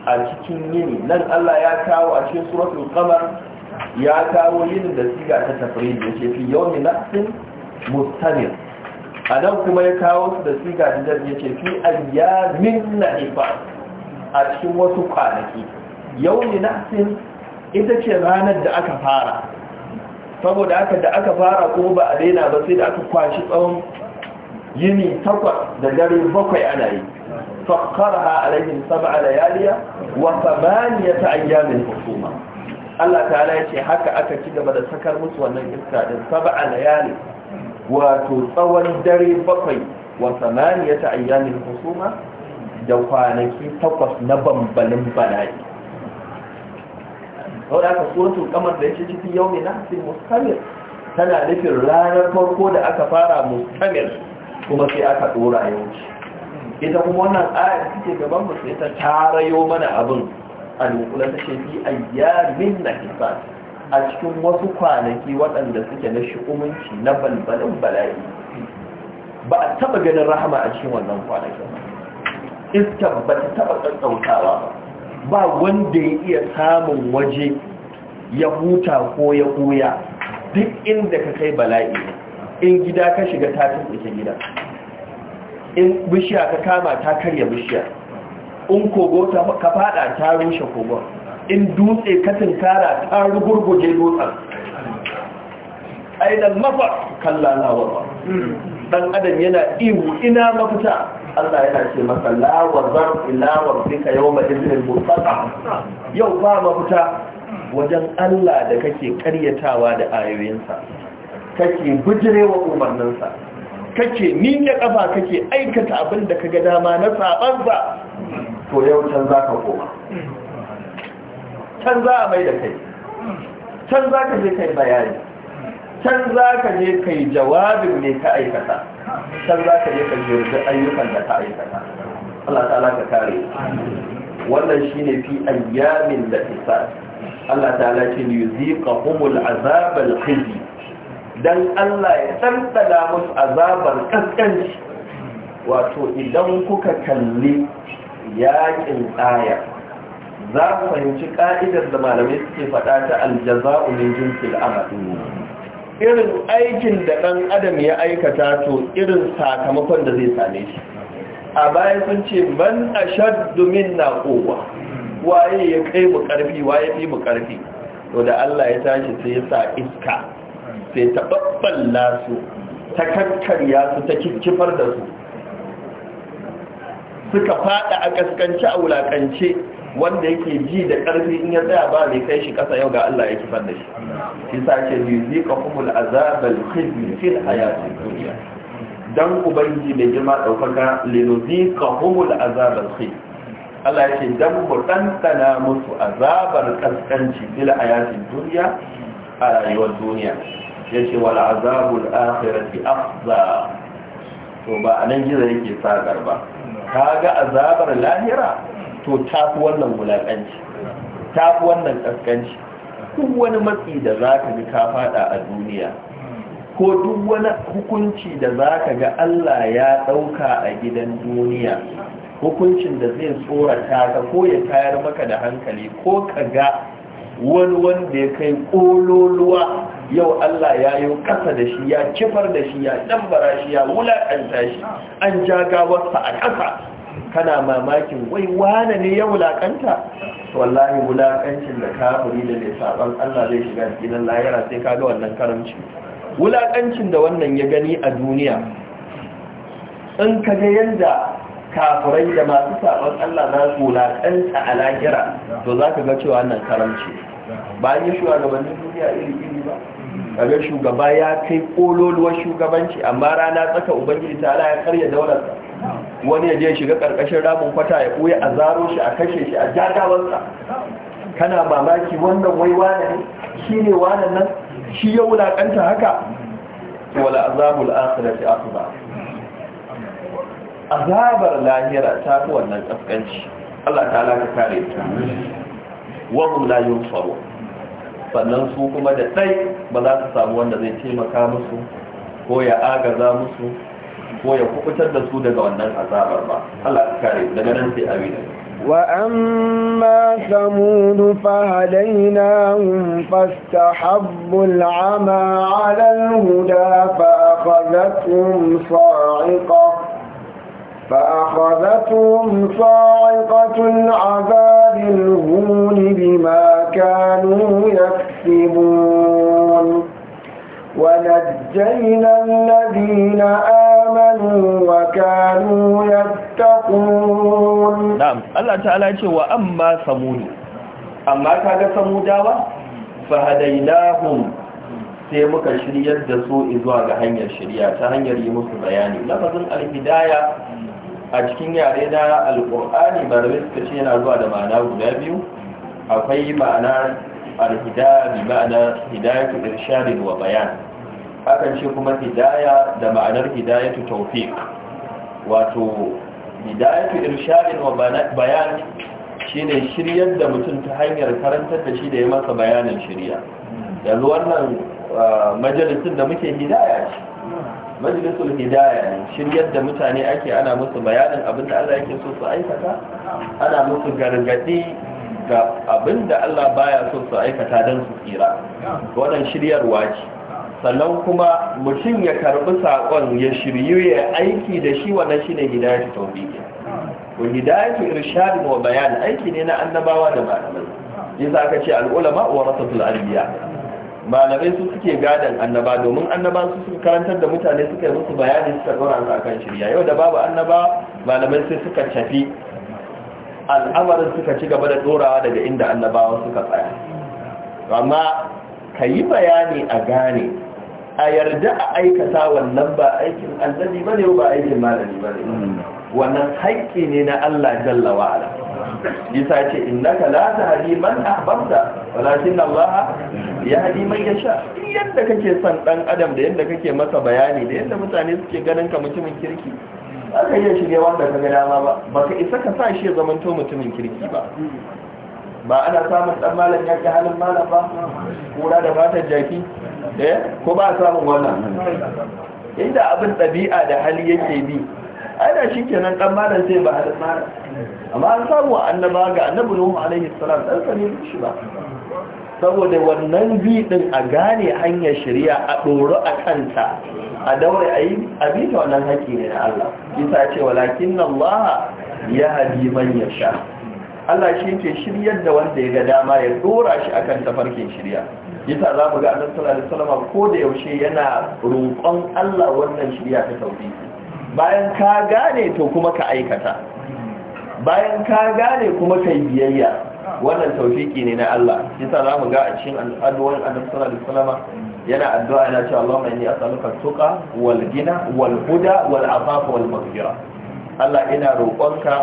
a cikin yini nan Allah ya kawo a cikin suratul qamar ya kawo yin da siga ta tafrid ce, fi yawmi nahsin mustajir a nan kuma ya kawo su da siga ta jadd yace fi ayyamin nahifa a cikin wasu kwanaki yawon nafsin ita ce ranar da aka fara saboda aka da aka fara kuma ba a daina ba sai da aka kwashi tsawon yini takwas da dare bakwai ana yi fakkara alaihim sab'a layaliya wa samaniyata ayyamin husuma Allah ta'ala ya ce haka aka ci gaba da sakar musu wannan iska din sab'a layali wato tsawon dare bakwai wa samaniyata ayyamin husuma da kwanaki takwas na bambalin bala'i kawai da aka suratul kamar da yake cikin yau mai nasi mustamir tana nufin ranar farko da aka fara mustamir kuma sai aka dora yawanci ita kuma wannan ayar suke gaban mu sai ta yau mana abin a nukulan ta ayyamin na kisa a cikin wasu kwanaki waɗanda suke na shi'umunci na balbalin bala'i ba a taɓa ganin rahama a cikin wannan kwanakin iska ba ta taɓa ƙaƙƙautawa ba ba wanda ya iya samun waje ya huta ko ya koya duk inda ka kai bala'i in gida ka shiga ta ita gida in bishiya ka kama ta karya bishiya in kogo ka fada ta rushe kogon in dutse ka tinkara ta rugurguje dutsen aidan mafa kallana wa ba dan adam yana ihu ina mafita Allah yana ce masa la wazar ila yau yawma idhil mustaqim yau ba mafuta wajen Allah da kake karyatawa da ayoyinsa kake bijirewa umarninsa kake ninye kafa kake aikata abin da kaga dama na sabansa to yau can za ka koma can za a mai da kai can za ka je kai bayani can za ka je kai jawabin ne ka aikata Sai za ka je ka jirgin ayyukan da ta aikata Allah ta'ala ka kare wannan shine fi ayyamin da isa Allah ta'ala ce yuziqahumul azabal khizi dan Allah ya tantana musu azabar kaskanci wato idan kuka kalli yakin tsaya za ku fahimci ka'idar da malamai suke faɗa ta aljaza'u min jinsil amal irin aikin da ɗan adam ya aikata to irin sakamakon da zai same shi a bayan sun ce man domin na kowa. waye ya kai mu ƙarfi, waye fi mu ƙarfi? to da Allah ya tashi sai ya sa iska sai ta babballa su ta kakkarya su ta kikkifar da su suka fada a ƙaskance a wulaƙance. wanda yake ji da ƙarfi in ya tsaya ba mai kai shi ƙasa yau ga Allah ya kifar da shi shi sa ce ka kuma azabal khizi fil hayatid duniya dan ubangi mai lino zi ka kuma azabal khizi Allah ya ce don mu ɗanɗana musu azabar ƙasƙanci fil hayatid duniya a rayuwar duniya ya ce wala azabul akhirati afza to ba anan gizo yake sagar ba ga azabar lahira to ta fi wannan wulaƙanci ta fi wannan ƙasƙanci duk wani matsi da za ka ji ka faɗa a duniya ko duk wani hukunci da za ka ga Allah ya ɗauka a gidan duniya hukuncin da zai tsorata ka ko ya tayar maka da hankali ko ka ga wani wanda ya kai ƙololuwa yau Allah ya yi ƙasa da shi ya kifar da shi ya ɗambara shi ya wulaƙanta shi an ja gawarsa a ƙasa kana mamakin wai wane ne ya wulakanta wallahi wulakancin da kafiri da mai saban Allah zai shiga cikin lahira sai kaga wannan karamci wulakancin da wannan ya gani a duniya in ka ga yadda kafurai da masu saban Allah na wulakanta a lahira to za ka ga cewa wannan karamci ba yi shugabannin duniya iri iri ba kaga shugaba ya kai kololuwar shugabanci amma rana tsaka ubangiji ta ala ya karya daularsa wani ya je shiga karkashin ramin kwata ya ɓuya a zaro shi a kashe shi a jagawarsa kana mamaki wannan wai wane ne shi ne wane nan shi ya wulaƙanta haka wala azabul akhirati akba azabar lahira ta fi wannan kaskanci Allah ta'ala ka kare ta wa hum la yunsaru sannan su kuma da dai ba za su samu wanda zai taimaka musu ko ya agaza musu ko ya kubutar da su daga wannan azabar ba Allah kare daga nan sai amina وأما ثمود فهديناهم فاستحبوا العمى على الهدى فأخذتهم صاعقة فأخذتهم صاعقة العذاب الهون بما كانوا يكسبون ونجينا الذين آمنوا وكانوا يتقون نعم الله تعالى يقول وأما سمود أما كان ثمود فهديناهم sai muka shiryar da su izuwa ga hanyar shirya ta hanyar yi musu bayani lafazin alhidaya a cikin yare na alƙur'ani ba da suka ce yana zuwa da ma'ana guda biyu akwai ma'ana alhida bi ma'ana hidayatu irshadin wa bayan hakan shi kuma hidaya da ma'anar hidayatu tawfiq wato hidayatu irshadin wa bayan shine shiryar da mutum ta hanyar karantar da shi da ya masa bayanin shirya yanzu wannan majalisun da muke hidaya ce majalisul hidaya ne shiryar da mutane ake ana musu bayanin abinda Allah yake so su aikata ana musu gargadi ga abinda Allah baya so su aikata don su tsira wannan shiryarwa ce sannan kuma mutum ya karbi saƙon ya shiryu ya aiki da shi wannan shine hidayatu tawfiqi ko hidayatu irshad wa bayan aiki ne na annabawa da malamai yasa aka ce al ulama warasatul anbiya malamai su suke gadon annaba domin annaba su suka karantar da mutane suka yi musu bayani suka dora su akan shirya yau da babu annaba malamai sai suka tafi al'amarin suka ci gaba da tsorawa daga inda annabawa suka tsaya amma ka yi bayani a gane a yarda a aikata wannan ba aikin annabi bane ba aikin malami ba ne. wannan haƙƙi ne na Allah jalla wa ala isa ce innaka la tahdi man ahbabta walakin Allah yahdi man yasha yadda kake son dan adam da yadda kake masa bayani da yadda mutane suke ganin ka mutumin kirki ba ka iya shirya wanda ka ga dama ba ba ka isa ka sa shi ya to mutumin kirki ba ba ana samun dan malam ya ki halin malam ba kura da fatar jaki eh ko ba samun wannan inda abin ɗabi'a da hali yake bi ana shi kenan dan malam sai ba halin malam amma an samu annaba ga annabi Nuhu alaihi salam dan sani shi ba saboda wannan bi din a gane hanyar shirya a ɗoro a kanta a daure a yi abita wannan haƙi ne na Allah isa ce walakin nan Allah ya haɗi sha Allah shi ke shiryar da wanda ya ga dama ya dora shi a kan tafarkin shirya isa za mu ga annan sallallahu alaihi ko da yaushe yana roƙon Allah wannan shirya ta tauhidi bayan ka gane to kuma ka aikata bayan ka gane kuma kai biyayya wannan tawfiki ne na Allah yasa za mu ga a cikin addu'o'in Annabi sallallahu alaihi wasallam yana addu'a yana cewa Allahumma inni as'aluka tuqa wal gina wal huda wal afafa wal maghfira Allah ina roƙonka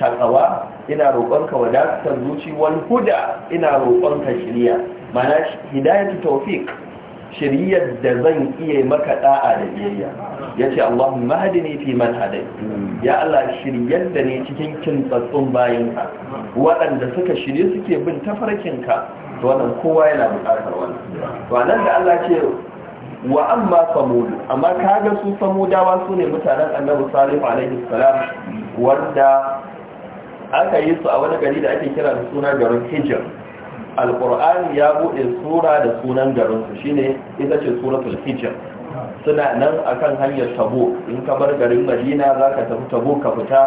takawa ina roƙonka wadatar zuci wal huda ina roƙonka shiriya ma'ana hidayatu tawfik shiryar da zan iya maka da'a da biyayya ya ce Allahumma ne fi man hadai ya Allah shiryar da ne cikin kintsatsun bayinka waɗanda suka shirye suke bin tafarkinka to wannan kowa yana buƙatar wannan to nan da Allah ce wa amma samudu amma kaga su samudawa su ne mutanen annabi salihu alaihi salam wanda aka yi su a wani gari da ake kira da suna garin hijr alkur'ani ya buɗe sura da sunan garinsu shine ita ce suratul hijr suna nan akan hanyar tabo in ka bar garin madina za ka tafi tabo ka fita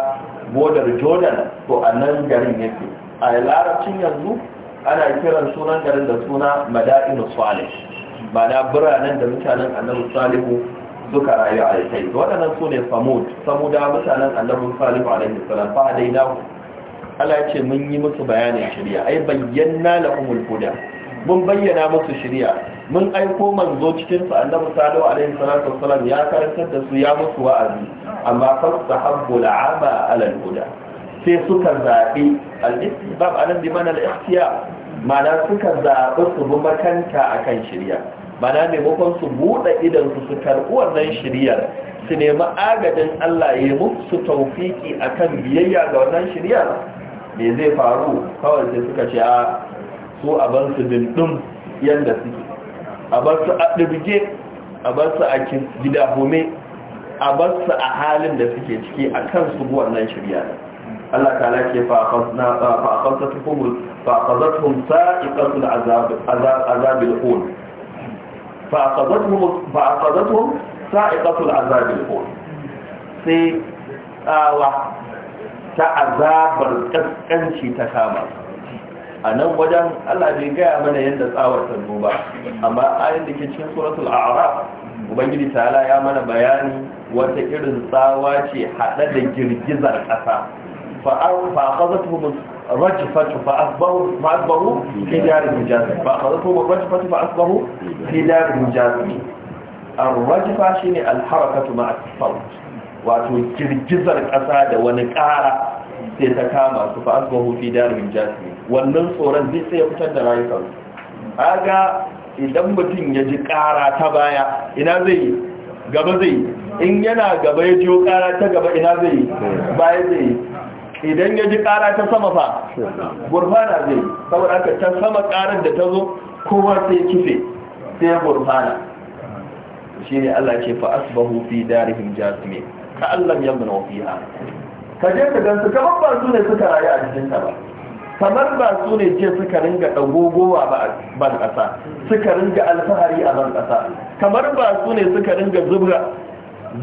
bodar jordan to a nan garin yake a larabcin yanzu ana kiran sunan garin da suna mada'inu salih mana biranen da mutanen annabi salihu suka rayu a kai waɗannan su ne samud samuda mutanen annabi salihu alaihi salam fa dai Allah ya ce mun yi musu bayanin shari'a ai bayyana lahumul huda mun bayyana musu shari'a mun aiko manzo cikin su annabi sallallahu alaihi salatu wasallam ya karantar da su ya musu wa'azi amma fastahabbu Aba ala huda sai suka zabi al-istibab anan bi mana al-ikhtiyar ma'ana suka zabi su bi makanta akan shari'a mana maimakon su buɗe idan su su karɓi wannan shiryar su nemi agadin Allah ya musu taufiƙi akan biyayya ga wannan shiryar me zai faru kawai sai suka ce a su a bar su dindin yadda suke a bar su a ɗirge a bar su a gida home a bar su a halin da suke ciki a kan su wannan shirya Allah ta lake fa'akazatuhum sa'iqatul azabil hul fa'akazatuhum sa'iqatul azabil hul sai tsawa ta azabar ƙasƙanci ta kama a nan wajen Allah bai gaya mana yadda tsawar ta zo ba amma ayin da ke cikin suratul a'raf ubangiji ta'ala ya mana bayani wata irin tsawa ce hada da girgizar ƙasa. fa akhadathum rajfatu fa asbahu fa asbahu fi dar mujaz fa akhadathum rajfatu fa asbahu fi dar mujaz ar-rajfa shine al-harakatu ma'a wato girgizar ƙasa da wani ƙara sai ta kama su fa asbahu fi darin jasi wannan tsoron zai sai ya fitar da rayukan aga idan mutum ya ji ƙara ta baya ina zai yi. gaba zai yi. in yana gaba ya jiyo ƙara ta gaba ina zai baya zai idan ya ji ƙara ta sama fa gurfana zai saboda haka ta sama ƙarar da ta zo kowa sai kife sai gurfana shine Allah ce fa asbahu fi darihim jasmin ka Allah ya muna wafiya ka je ka gansu kamar ba su ne suka rayu a jikinta ba kamar ba su ne je suka ringa ɗagogowa ba ban ƙasa, suka ringa alfahari a ban ƙasa. kamar ba su ne suka ringa zubra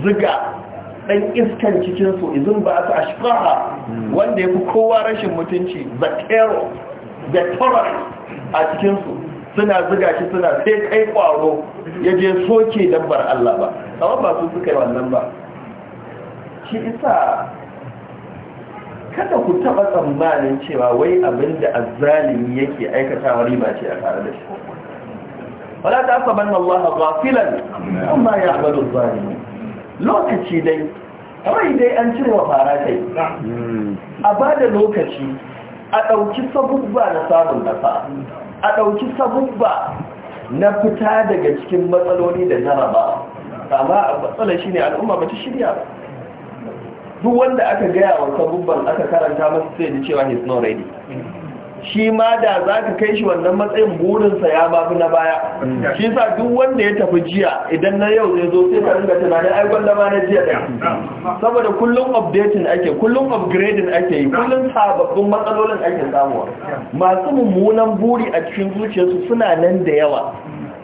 zuga ɗan iskan cikinsu izin ba su ashfaha wanda ya fi kowa rashin mutunci batero da a cikinsu suna zuga shi suna sai kai kwaro ya je soke dabbar Allah ba Kamar ba su suka yi wannan ba shi isa kada ku taba tsammanin cewa wai abinda azzalimi yake aikatawa riba ce a tare da shi wala ta aka Allah ghafilan amma ya abadu zalimi lokaci dai rai dai an cire wa fara kai a bada lokaci a ɗauki sabubba na samun nasa a ɗauki sabubba na fita daga cikin matsaloli da jaraba amma a matsalar shine al'umma ba ta shirya ba duk wanda aka gaya wa sabubban aka karanta masa sai da cewa he's not ready shi ma da za ka kai shi wannan matsayin burinsa ya babu na baya shi sa duk wanda ya tafi jiya idan na yau zai zo sai ka ringa tunanin ai gwanda ma na jiya da saboda kullum updating ake kullum upgrading ake yi kullum sababbin matsalolin ake samuwa masu mummunan buri a cikin zuciyarsu suna nan da yawa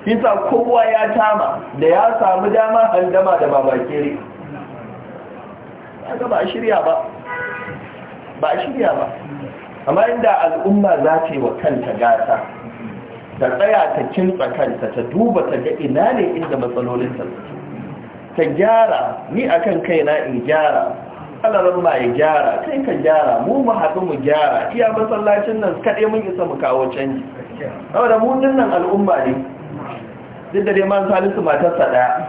shi sa kowa ya tama da ya samu dama handama da babakere kaga ba a shirya ba ba a shirya ba amma inda al'umma za ta yi wa kanta gata ta tsaya ta kintsa kanta ta duba ta ga ina ne inda matsalolin ta ta gyara ni akan kaina in gyara alarar ma ya gyara kai ka gyara mu mu haɗu mu gyara iya masallacin nan kaɗai mun isa mu kawo canji saboda mu dinnan al'umma ne duk da dai man salisu matarsa ɗaya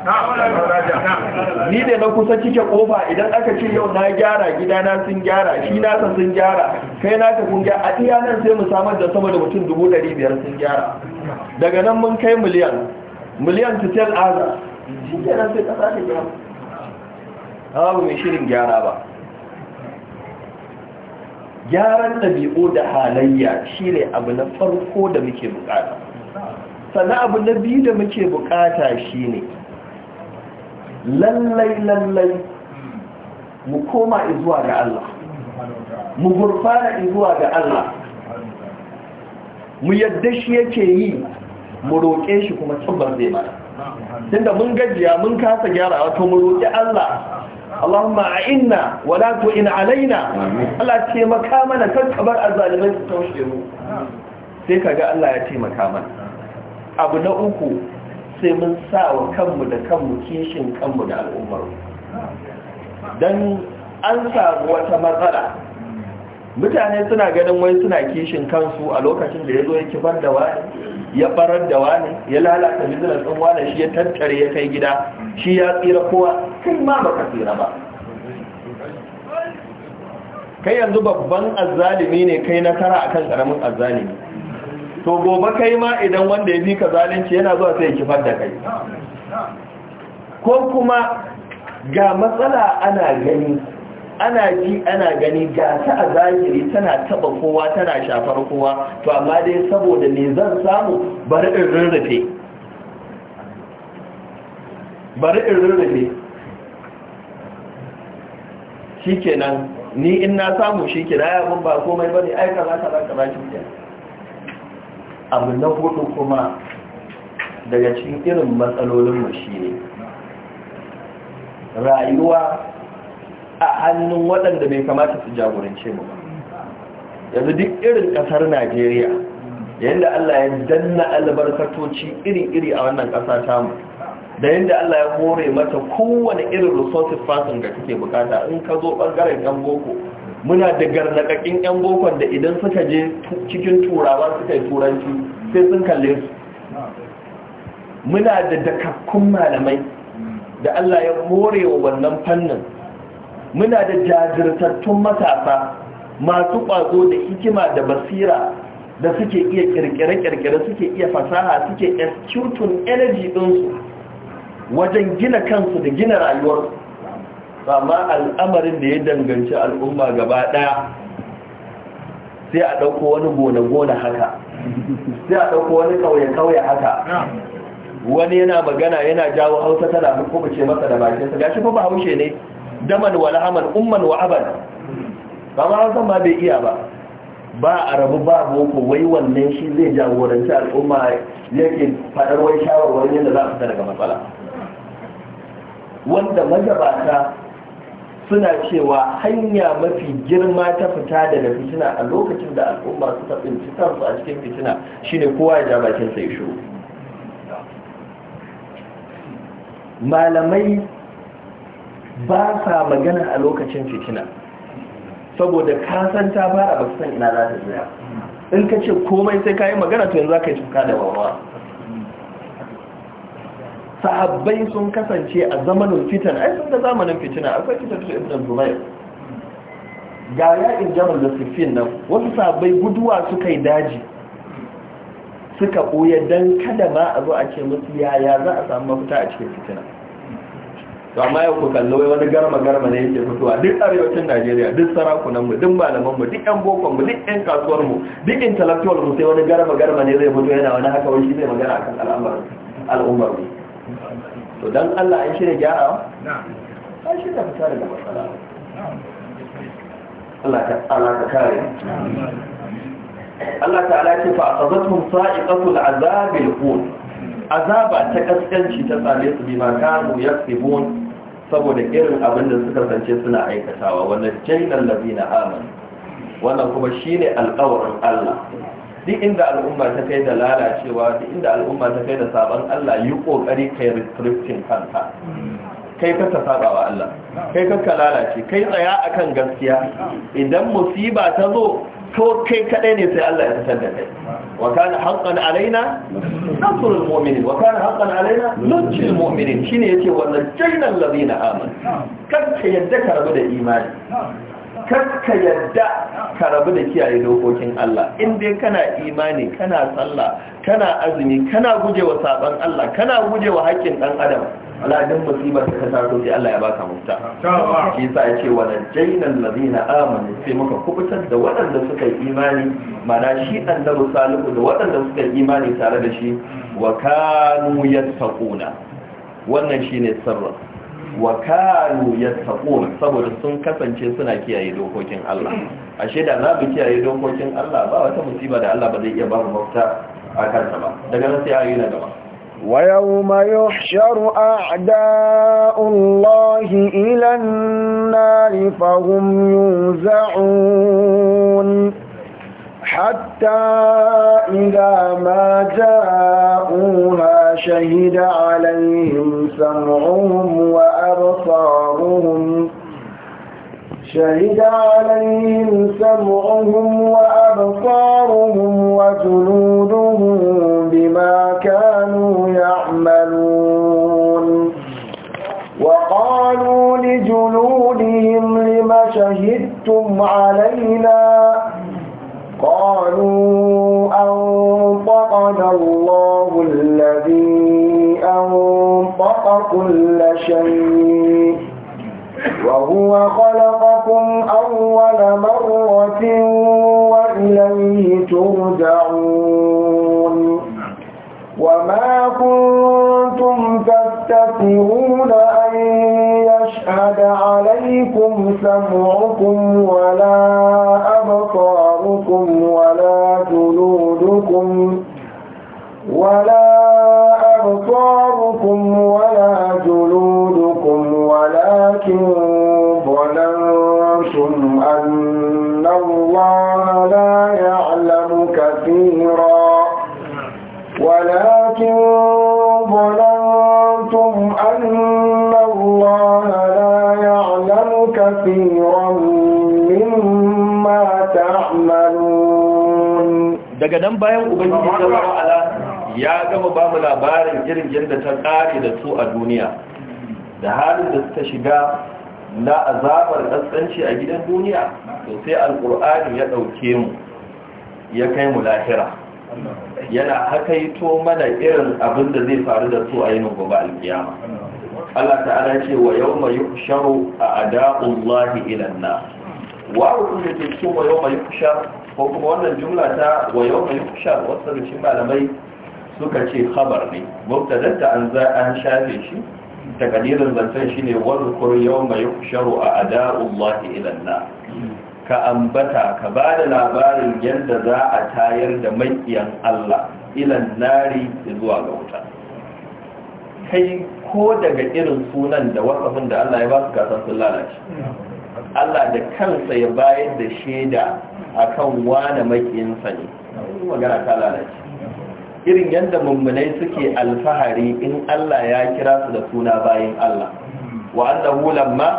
ni da na kusa cike kofa idan aka ce yau na gyara gidana sun gyara shi nasa sun gyara kai naka kun gyara a iya nan sai mu samar da sama da mutum dubu ɗari biyar sun gyara daga nan mun kai miliyan miliyan tutel aza shi ke nan sai ta gyara babu mai shirin gyara ba gyaran ɗabi'u da halayya shi ne abu na farko da muke bukata sana abu na biyu da muke bukata shine lallai lallai mu koma izuwa ga Allah mu gurfana izuwa ga Allah mu yadda shi yake yi mu roƙe shi kuma tabbar zai mana tunda mun gajiya mun kasa gyara wato mu roƙi Allah Allahumma inna wa la tu'in alaina Allah ce maka mana kakkabar azalimai su taushe mu sai kaga Allah ya taimaka mana abu na uku sai mun sa wa kanmu da kanmu kishin kanmu da al'ummar don an samu wata matsala mutane suna ganin wai suna kishin kansu a lokacin da ya zo ya kifar da wani ya barar da wani ya lalata bizinan sun wani shi ya tattare ya kai gida shi ya tsira kowa kai ma baka tsira ba kai yanzu babban azzalimi ne kai nasara akan karamin azzalimi to gobe kai ma idan wanda ya bi ka zalunci yana zuwa sai ya kifar da kai ko kuma ga matsala ana gani ana ji ana gani ga ta a zahiri tana taba kowa tana shafar kowa to amma dai saboda ne zan samu bari in rurrufe bari in rurrufe shikenan ni in na samu shi kira ya mun ba komai bane ai kaza kaza kaza shikenan abu na hudu kuma daga cikin irin matsalolinmu shi ne rayuwa a hannun waɗanda bai kamata su jagorance mu yanzu duk irin ƙasar najeriya yadda allah ya danna albarkatoci iri-iri a wannan ƙasa tamu da yadda allah ya more mata kowane irin resources fasin da kake bukata in ka zo ɓangaren yan boko muna da garnakakin yan bokon da idan suka je cikin turawa suka yi turanci sai sun kalle su muna da dakakkun malamai da Allah ya more wa wannan fannin muna da jajirtattun matasa masu ƙwazo da hikima da basira da suke iya kirkire-kirkire suke iya fasaha suke excuting energy ɗinsu wajen gina kansu da gina rayuwarsu ba ma al'amarin da ya danganci al'umma gaba daya sai a ɗauko wani gona-gona haka sai a ɗauko wani kauye-kauye haka wani yana magana yana jawo hausa tana kuma ce masa da bakinsa gashi fa ba haushe ne daman walhaman umman wa aban ba ma hausa ma bai iya ba ba a rabu ba boko wai wannan shi zai jagoranci al'umma yake faɗar wai shawarwarin yadda za su ta daga matsala wanda magabata suna cewa hanya mafi girma ta fita daga fitina a lokacin da al'umma suka tsinci kansu a cikin fitina shine kowa ya ja bakin sai shiru malamai ba sa magana a lokacin fitina saboda kasan ta fara ba san ina za ta tsaya in ka ce komai sai ka yi magana to yanzu za ka yi tuka da wawa sahabbai sun kasance a zamanin fitan ai sun da zamanin fitina akwai fitan su ibn zubair ga yaƙin jamal da siffin nan wasu sahabbai guduwa suka yi daji suka ɓoye don kada ma a zo a ce musu yaya za a samu mafita a cikin fitina to amma yau ku kallo wai wani garma garma ne yake fitowa duk arewacin Najeriya duk sarakunan mu duk malaman mu duk yan bokon mu duk yan kasuwar mu duk intellectual mu sai wani garma garma ne zai fito yana wani haka wani shi zai magana akan al'amarin al'ummar mu to don Allah an shirya gyarawa an shirya fita daga matsala Allah ta ala ka kare Allah ta'ala ce fa asabatum sa'iqatul azabin hun azaba ta ƙasƙanci ta tsale su bima kanu tsibon, saboda irin abinda suka sance suna aikatawa wannan jainan na amin wannan kuma shi ne alƙawarin Allah duk inda al'umma ta kai da lalacewa duk inda al'umma ta kai da sabon Allah yi kokari kai restricting kanta, kai kaka saba wa Allah kai ka lalace kai tsaya akan gaskiya idan musiba ta zo to kai kadai ne sai Allah ya fitar da kai wa kana haqqan alaina nasrul mu'minin wa kana haqqan alaina nunjil mu'minin shine yace wannan jannal ladina amanu kar ka yadda ka rabu da imani kakka yadda ka rabu da kiyaye dokokin Allah in dai kana imani kana sallah kana azumi kana gujewa saban Allah kana gujewa haƙƙin ɗan adam aladin musibar da ka taso sai Allah ya baka mafita shi yasa ya ce wannan jainal ladina amanu sai muka kubutar da waɗanda suka yi imani mana shi annabi salihu da waɗanda suka yi imani tare da shi wa kanu yattaquna wannan shine sirrin wa kanu yattaqun saboda sun kasance suna kiyaye dokokin Allah ashe da za mu kiyaye dokokin Allah ba wata musiba da Allah ba zai iya ba mu mafita a kansa ba daga nan sai ayi na gaba a'da'u Allahi ila an-nar fa hum yuz'un حتى إذا ما جاءوها شهد عليهم سمعهم وأبصارهم شهد عليهم سمعهم وأبصارهم وجلودهم بما كانوا يعملون وقالوا لجلودهم لم شهدتم علينا قالوا أنطقنا الله الذي أنطق كل شيء وهو خلقكم أول مرة وإليه ترجعون وما كنت تستطيعون أن يشهد عليكم سمعكم ولا أبصاركم ولا جلودكم ولا أبصاركم ولا جلودكم ولكن ظننتم أن الله لا يعلم كثيرا ولكن daga nan bayan ubangiji sallallahu ala ya gama ba mu labarin irin yadda ta kare da su a duniya da halin da suka shiga na azabar kaskanci a gidan duniya to sai alƙur'ani ya ɗauke mu ya kai mu lahira yana hakaito mana irin abin da zai faru da su a yin gobe alkiyama Allah ta'ala ce wa yawma a a'da'ullahi ila an-nar wa rusul cikin wa yawma ko kuma wannan jumla ta wa yau mai kusha wasu rikin malamai suka ce khabar ne mubtadanta an za an shafe shi takadirin zancen shine wadhkur yawma a a'da'ullahi ila an-nar ka ambata ka da labarin yadda za a tayar da maiyan Allah ilan nari zuwa ga wuta kai ko daga irin sunan da wasafin da Allah ya ba su gasar sun lalace Allah da kansa ya bayar da shaida akan wane makiyinsa ne magana ta lalace irin yadda mummunai suke alfahari in Allah ya kira su da suna bayin Allah wa annahu lamma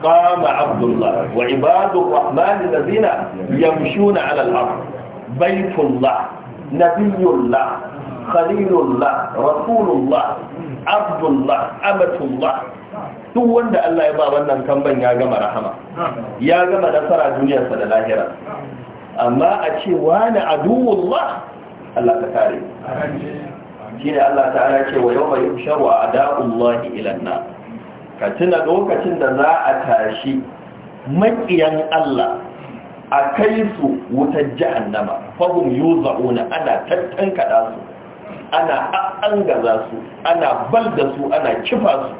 qama abdullah wa ibadur rahman allazina yamshuna ala al-ard baytullah nabiyullah khalilullah rasulullah abdullah amatullah duk wanda Allah ya ba wannan kamban ya gama rahama ya gama nasara duniyarsa da lahira amma a ce wani aduwullah Allah ta kare shi ne Allah ta'ala ce wa yau mai sharu a da'ullahi ilanna ka tuna lokacin da za a tashi maƙiyan Allah a kai su wutar jahannama fahim yi za'una ana tattankaɗa su ana an gaza su ana balda su ana kifa su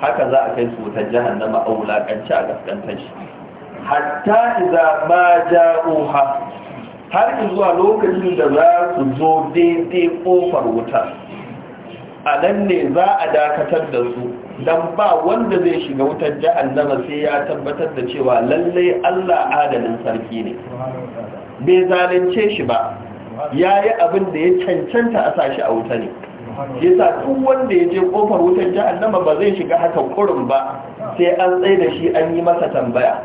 haka za a kai su wutar jahannama a wulakanci a gaskantar shi hatta iza ma ja'uha har zuwa lokacin da za su zo daidai kofar wuta a nan ne za a dakatar da su don ba wanda zai shiga wutar jahannama sai ya tabbatar da cewa lallai Allah adalin sarki ne bai zalince shi ba ya yi abin da ya cancanta a sashi a wuta ne yasa duk wanda ya je kofar wutar jahannama ba zai shiga haka kurin ba sai an tsaye da shi an yi masa tambaya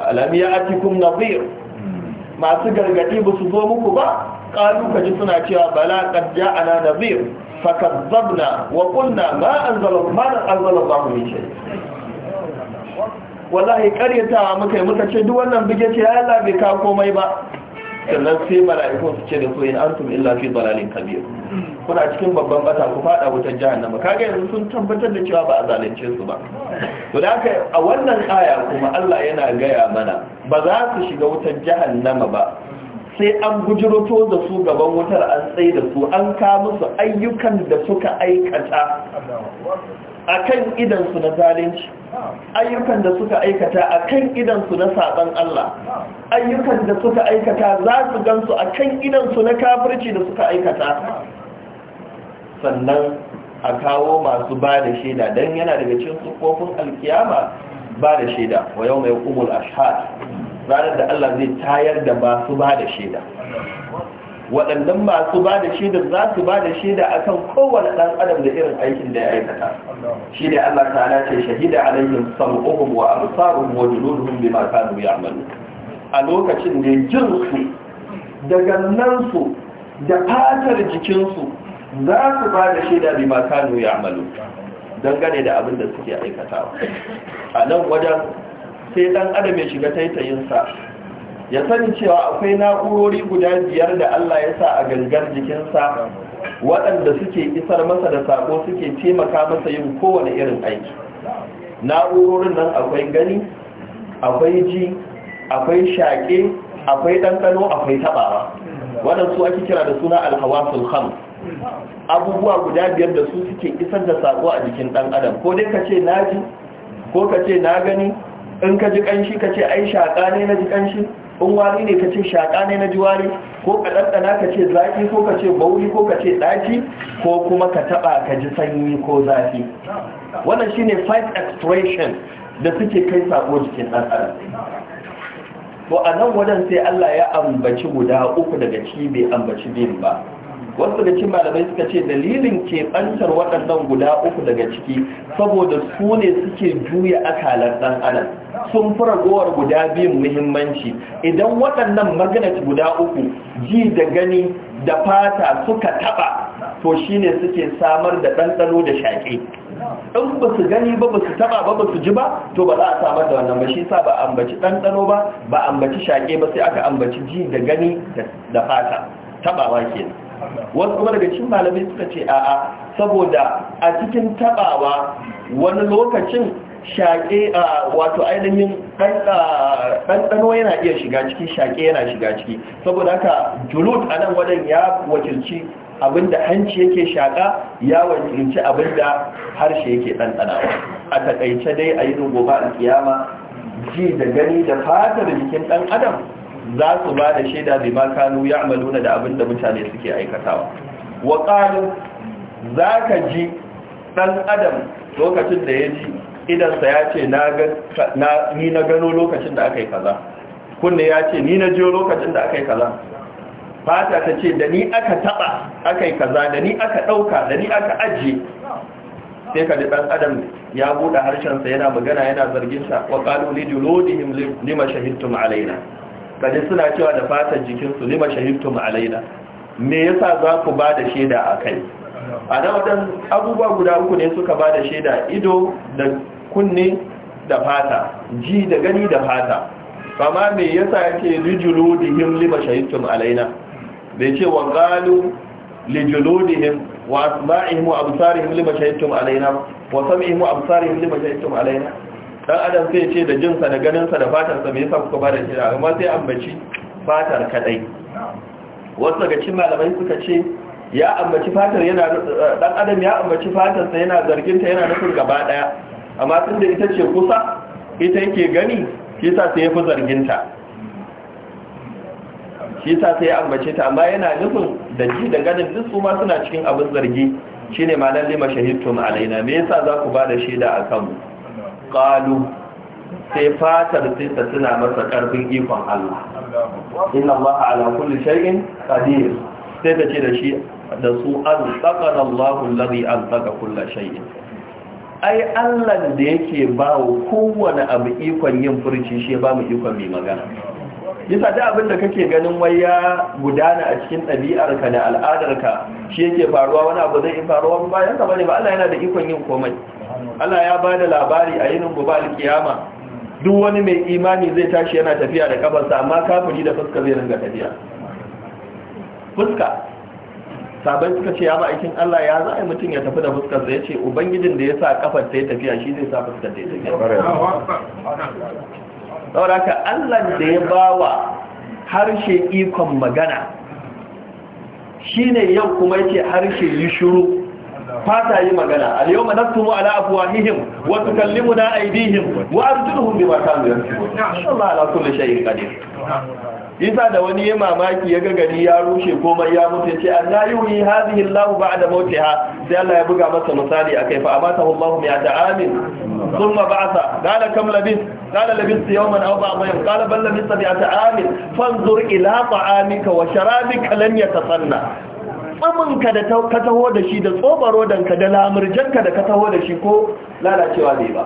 alam a cikin nadhir masu gargadi ba su zo muku ba qalu kaji suna cewa bala qad ja'ana nadhir fakazzabna wa qulna ma anzala ma anzala Allahu min shay wallahi karyatawa muka yi muka ce duk wannan bige ce ya Allah bai ka komai ba sannan sai mala'ikun su ce da su in antum illa fi dalalin kabir kuna cikin babban bata ku fada wutar jahannama kaga yanzu sun tabbatar da cewa ba a zalunce su ba to da haka a wannan aya kuma Allah yana gaya mana ba za su shiga wutar jahannama ba sai an bujiroto da su gaban wutar an tsaye da su an ka musu ayyukan da suka aikata akan idansu na zalinci ayyukan da suka aikata akan idansu na saɓan Allah ayyukan da suka aikata za su gansu akan idansu na kafirci da suka aikata sannan a kawo masu ba da shaida don yana daga cikin tsofofin alkiyama ba da shaida wa yau mai umul ashad ranar da Allah zai tayar da masu ba da shaida waɗannan masu ba da shaida za su ba da shaida kan kowane ɗan adam da irin aikin da ya aikata shi da Allah ta ce shahida alaihim sam'uhum wa absaruhum wa mata bima kanu ya'malu a lokacin da jin su da gannansu, da fatar jikinsu za su ba da shaida da kanu ya'malu dangane da abin da suke aikatawa a nan wajen sai ɗan adam ya shiga taitayinsa ya sani cewa akwai na'urori guda biyar da Allah ya sa a gangar jikinsa waɗanda suke isar masa da sako suke taimaka masa yin kowane irin aiki na'urorin nan akwai gani akwai ji akwai shaƙe akwai ɗanɗano akwai taɓawa waɗansu ake kira da suna alhawasul Ham. abubuwa guda biyar da su suke isar da sako a jikin ɗan adam ko dai ka ce na ji ko ka ce na gani in ka ji ƙanshi ka ce ai shaƙa ne na ji ƙanshi in wani ne ka ce shaƙa ne na juwari ko ka ɗanɗana ka ce zafi ko ka ce bauri ko ka ce ɗaki, ko kuma ka taɓa ka ji sanyi ko zafi wannan shi ne five expression da suke kai saƙo jikin ɗan adam to a nan wajen sai Allah ya ambaci guda uku daga ci bai ambaci biyun ba wasu da cin malamai suka ce dalilin ke bantar waɗannan guda uku daga ciki saboda su ne suke juya akalar ɗan adam sun fi ragowar guda biyun muhimmanci idan waɗannan maganar guda uku ji da gani da fata suka taɓa to shi ne suke samar da ɗanɗano da shaƙe in ba su gani ba ba su taba ba ba su ji ba to ba za a samar da wannan ba shi sa ba ambaci ɗanɗano ba ba ambaci shaƙe ba sai aka ambaci ji da gani da fata tabawa kenan wasu kuma daga cikin malamai suka ce a'a saboda a cikin tabawa wani lokacin shaƙe a wato ainihin ɗanɗano yana iya shiga ciki shaƙe yana shiga ciki saboda haka julut a nan wadan ya wakilci abinda hanci yake shaƙa ya wakilci abinda harshe yake ɗanɗanawa a taƙaice dai a yi ba a kiyama ji da gani da fatar jikin ɗan adam za su ba da shaida bai ma kanu ya amaluna da abin da mutane suke aikatawa wa ƙalu za ka ji ɗan adam lokacin da ya ji idansa ya ce ni na gano lokacin da aka yi kaza kunne ya ce ni na jiyo lokacin da aka yi kaza fata ta ce da ni aka taɓa aka yi kaza da ni aka ɗauka da ni aka ajiye sai ka ji ɗan adam ya buɗe harshensa yana magana yana zarginsa wa ƙalu li julodihim lima shahidtum alaina kaji suna cewa da fatan jikinsu lima shahidtum alaina me yasa za ku ba da shaida a kai a nan wadan abubuwa guda uku ne suka ba da shaida ido da kunne da fata ji da gani da fata Kama me yasa yake rijuludihim lima shahidtum alaina bai ce wa qalu lijuludihim wa asma'ihim wa absarihim lima shahidtum alaina wa sam'ihim wa absarihim lima shahidtum alaina dan adam sai ce da jinsa da ganinsa da fatarsa me yasa kuka bada kira amma sai ambaci fatar kadai wasu daga cikin malamai suka ce ya ambaci fatar yana dan adam ya ambaci fatarsa yana zarginta yana nufin gaba daya amma tun da ita ce kusa ita yake gani shi yasa sai ya fi zarginta shi yasa sai ya ambace ta amma yana nufin da ji da ganin duk su ma suna cikin abin zargi shine ma mashahidtum alaina me yasa za ku ba da shaida a kanmu Kalu sai fatar sai ta suna masa karfin ikon Allah inna Allah ala kulli shay'in qadir sai ta ce da shi da su an tsakar Allahu alladhi an tsaka kulli shay'in ai Allah da yake ba kowane abu ikon yin furci shi ba mu ikon mai magana yasa da abin da kake ganin waya gudana a cikin ɗabi'arka da al'adarka shi yake faruwa wani abu zai faruwa ba yanka bane ba Allah yana da ikon yin komai Allah ya ba da labari a yinin gobe alkiyama duk wani mai imani zai tashi yana tafiya da kafarsa amma kafiri da fuska zai ringa tafiya fuska sabai suka ce ya ba Allah ya za a yi mutum ya tafi da fuskar sa ya ce ubangijin da ya sa kafar ta ya tafiya shi zai sa fuskar ta ya tafiya saboda ka Allah da ya ba wa harshe ikon magana shi ne yau kuma yake harshe yi shiru fata yi magana a yau yawma naktumu ala afwahihim kallimu na aidihim wa arjuluhum bima kanu shi Allah ala kulli shay'in kadir isa da wani ya mamaki ya gari ya rushe koma ya mutu ce an la ba hadhihi da mauti ha sai Allah ya buga masa misali a akai fa abata Allahu mi ata'amin thumma sa qala kam labis qala labis yawman aw ba'd yawm qala ban labis bi Fan fanzur ila ta'amika wa sharabika lam yatasanna tsaminka da ka taho da shi da tsobaro danka da lamurjanka da ka taho da shi ko lalacewa ne ba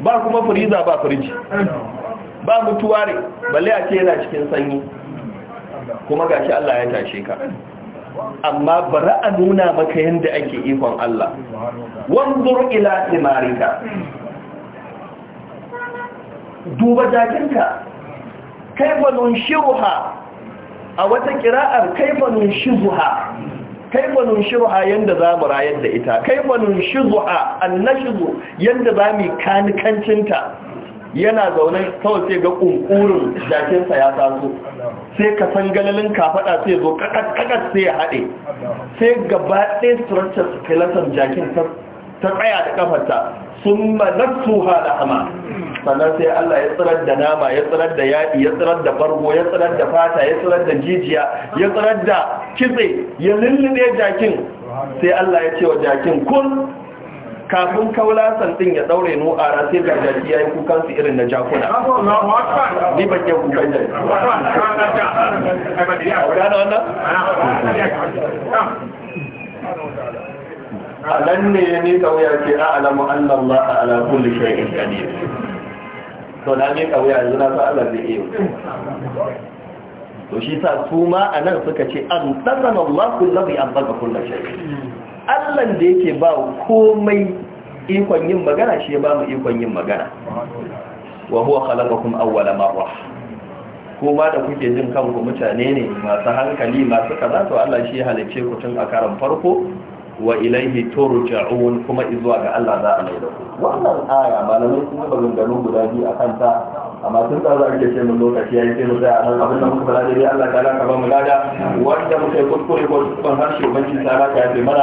ba kuma firiza ba firiji ba mutuwa ne balle a ce yana cikin sanyi kuma ga shi Allah ya tashe ka amma bari a nuna maka yadda ake ikon Allah wanzur ila imarika duba jakinka kaifanun shiruha a wata kira'ar kaifanun shizuha kaifanun shiruha yadda za mu rayar da ita kaifanun shiruha annashizu yadda za mu kanikancinta yana zaune kawai sai ga kunkurin jakinsa ya taso sai ka san galalin kafaɗa sai zo kakakakat sai ya haɗe sai gaba ɗaya structure skeleton jakin ta tsaya da kafarta sun manattu hada hama sannan sai Allah ya tsirar da nama ya tsirar da yaɗi ya tsirar da bargo ya tsirar da fata ya tsirar da jijiya ya tsirar da kitse ya lullube jakin sai Allah ya ce wa jakin kun kafin kaulasan din ya daure no a ra sai gargaji yayi kukan su irin na jakuna ni ban yi kukan ne a nan ne ya nika wuya ce a alamu annan ba a ala kulli shayin gani to na nika wuya yanzu na sa Allah zai iya to shi sa su ma a nan suka ce an ɗasan Allah kullabi an baka kullu shayin allan da yake ba komai ikon yin magana shi ya ba mu ikon yin magana wa huwa khalaqakum awwala marra kuma da kuke jin kanku mutane ne masu hankali masu kaza to Allah shi ya halice ku tun a karan farko wa ilaihi turja'un kuma izuwa ga Allah za a maida ku wannan aya malamai sun ba gano guda biyu a kanta amma tun da za a ce mun lokaci yayi sai mu tsaya a nan abin da muka fara dai Allah ta laka ba mu lada wanda muka yi kuskure ko kuskure harshe ubanci ta laka ya fi mana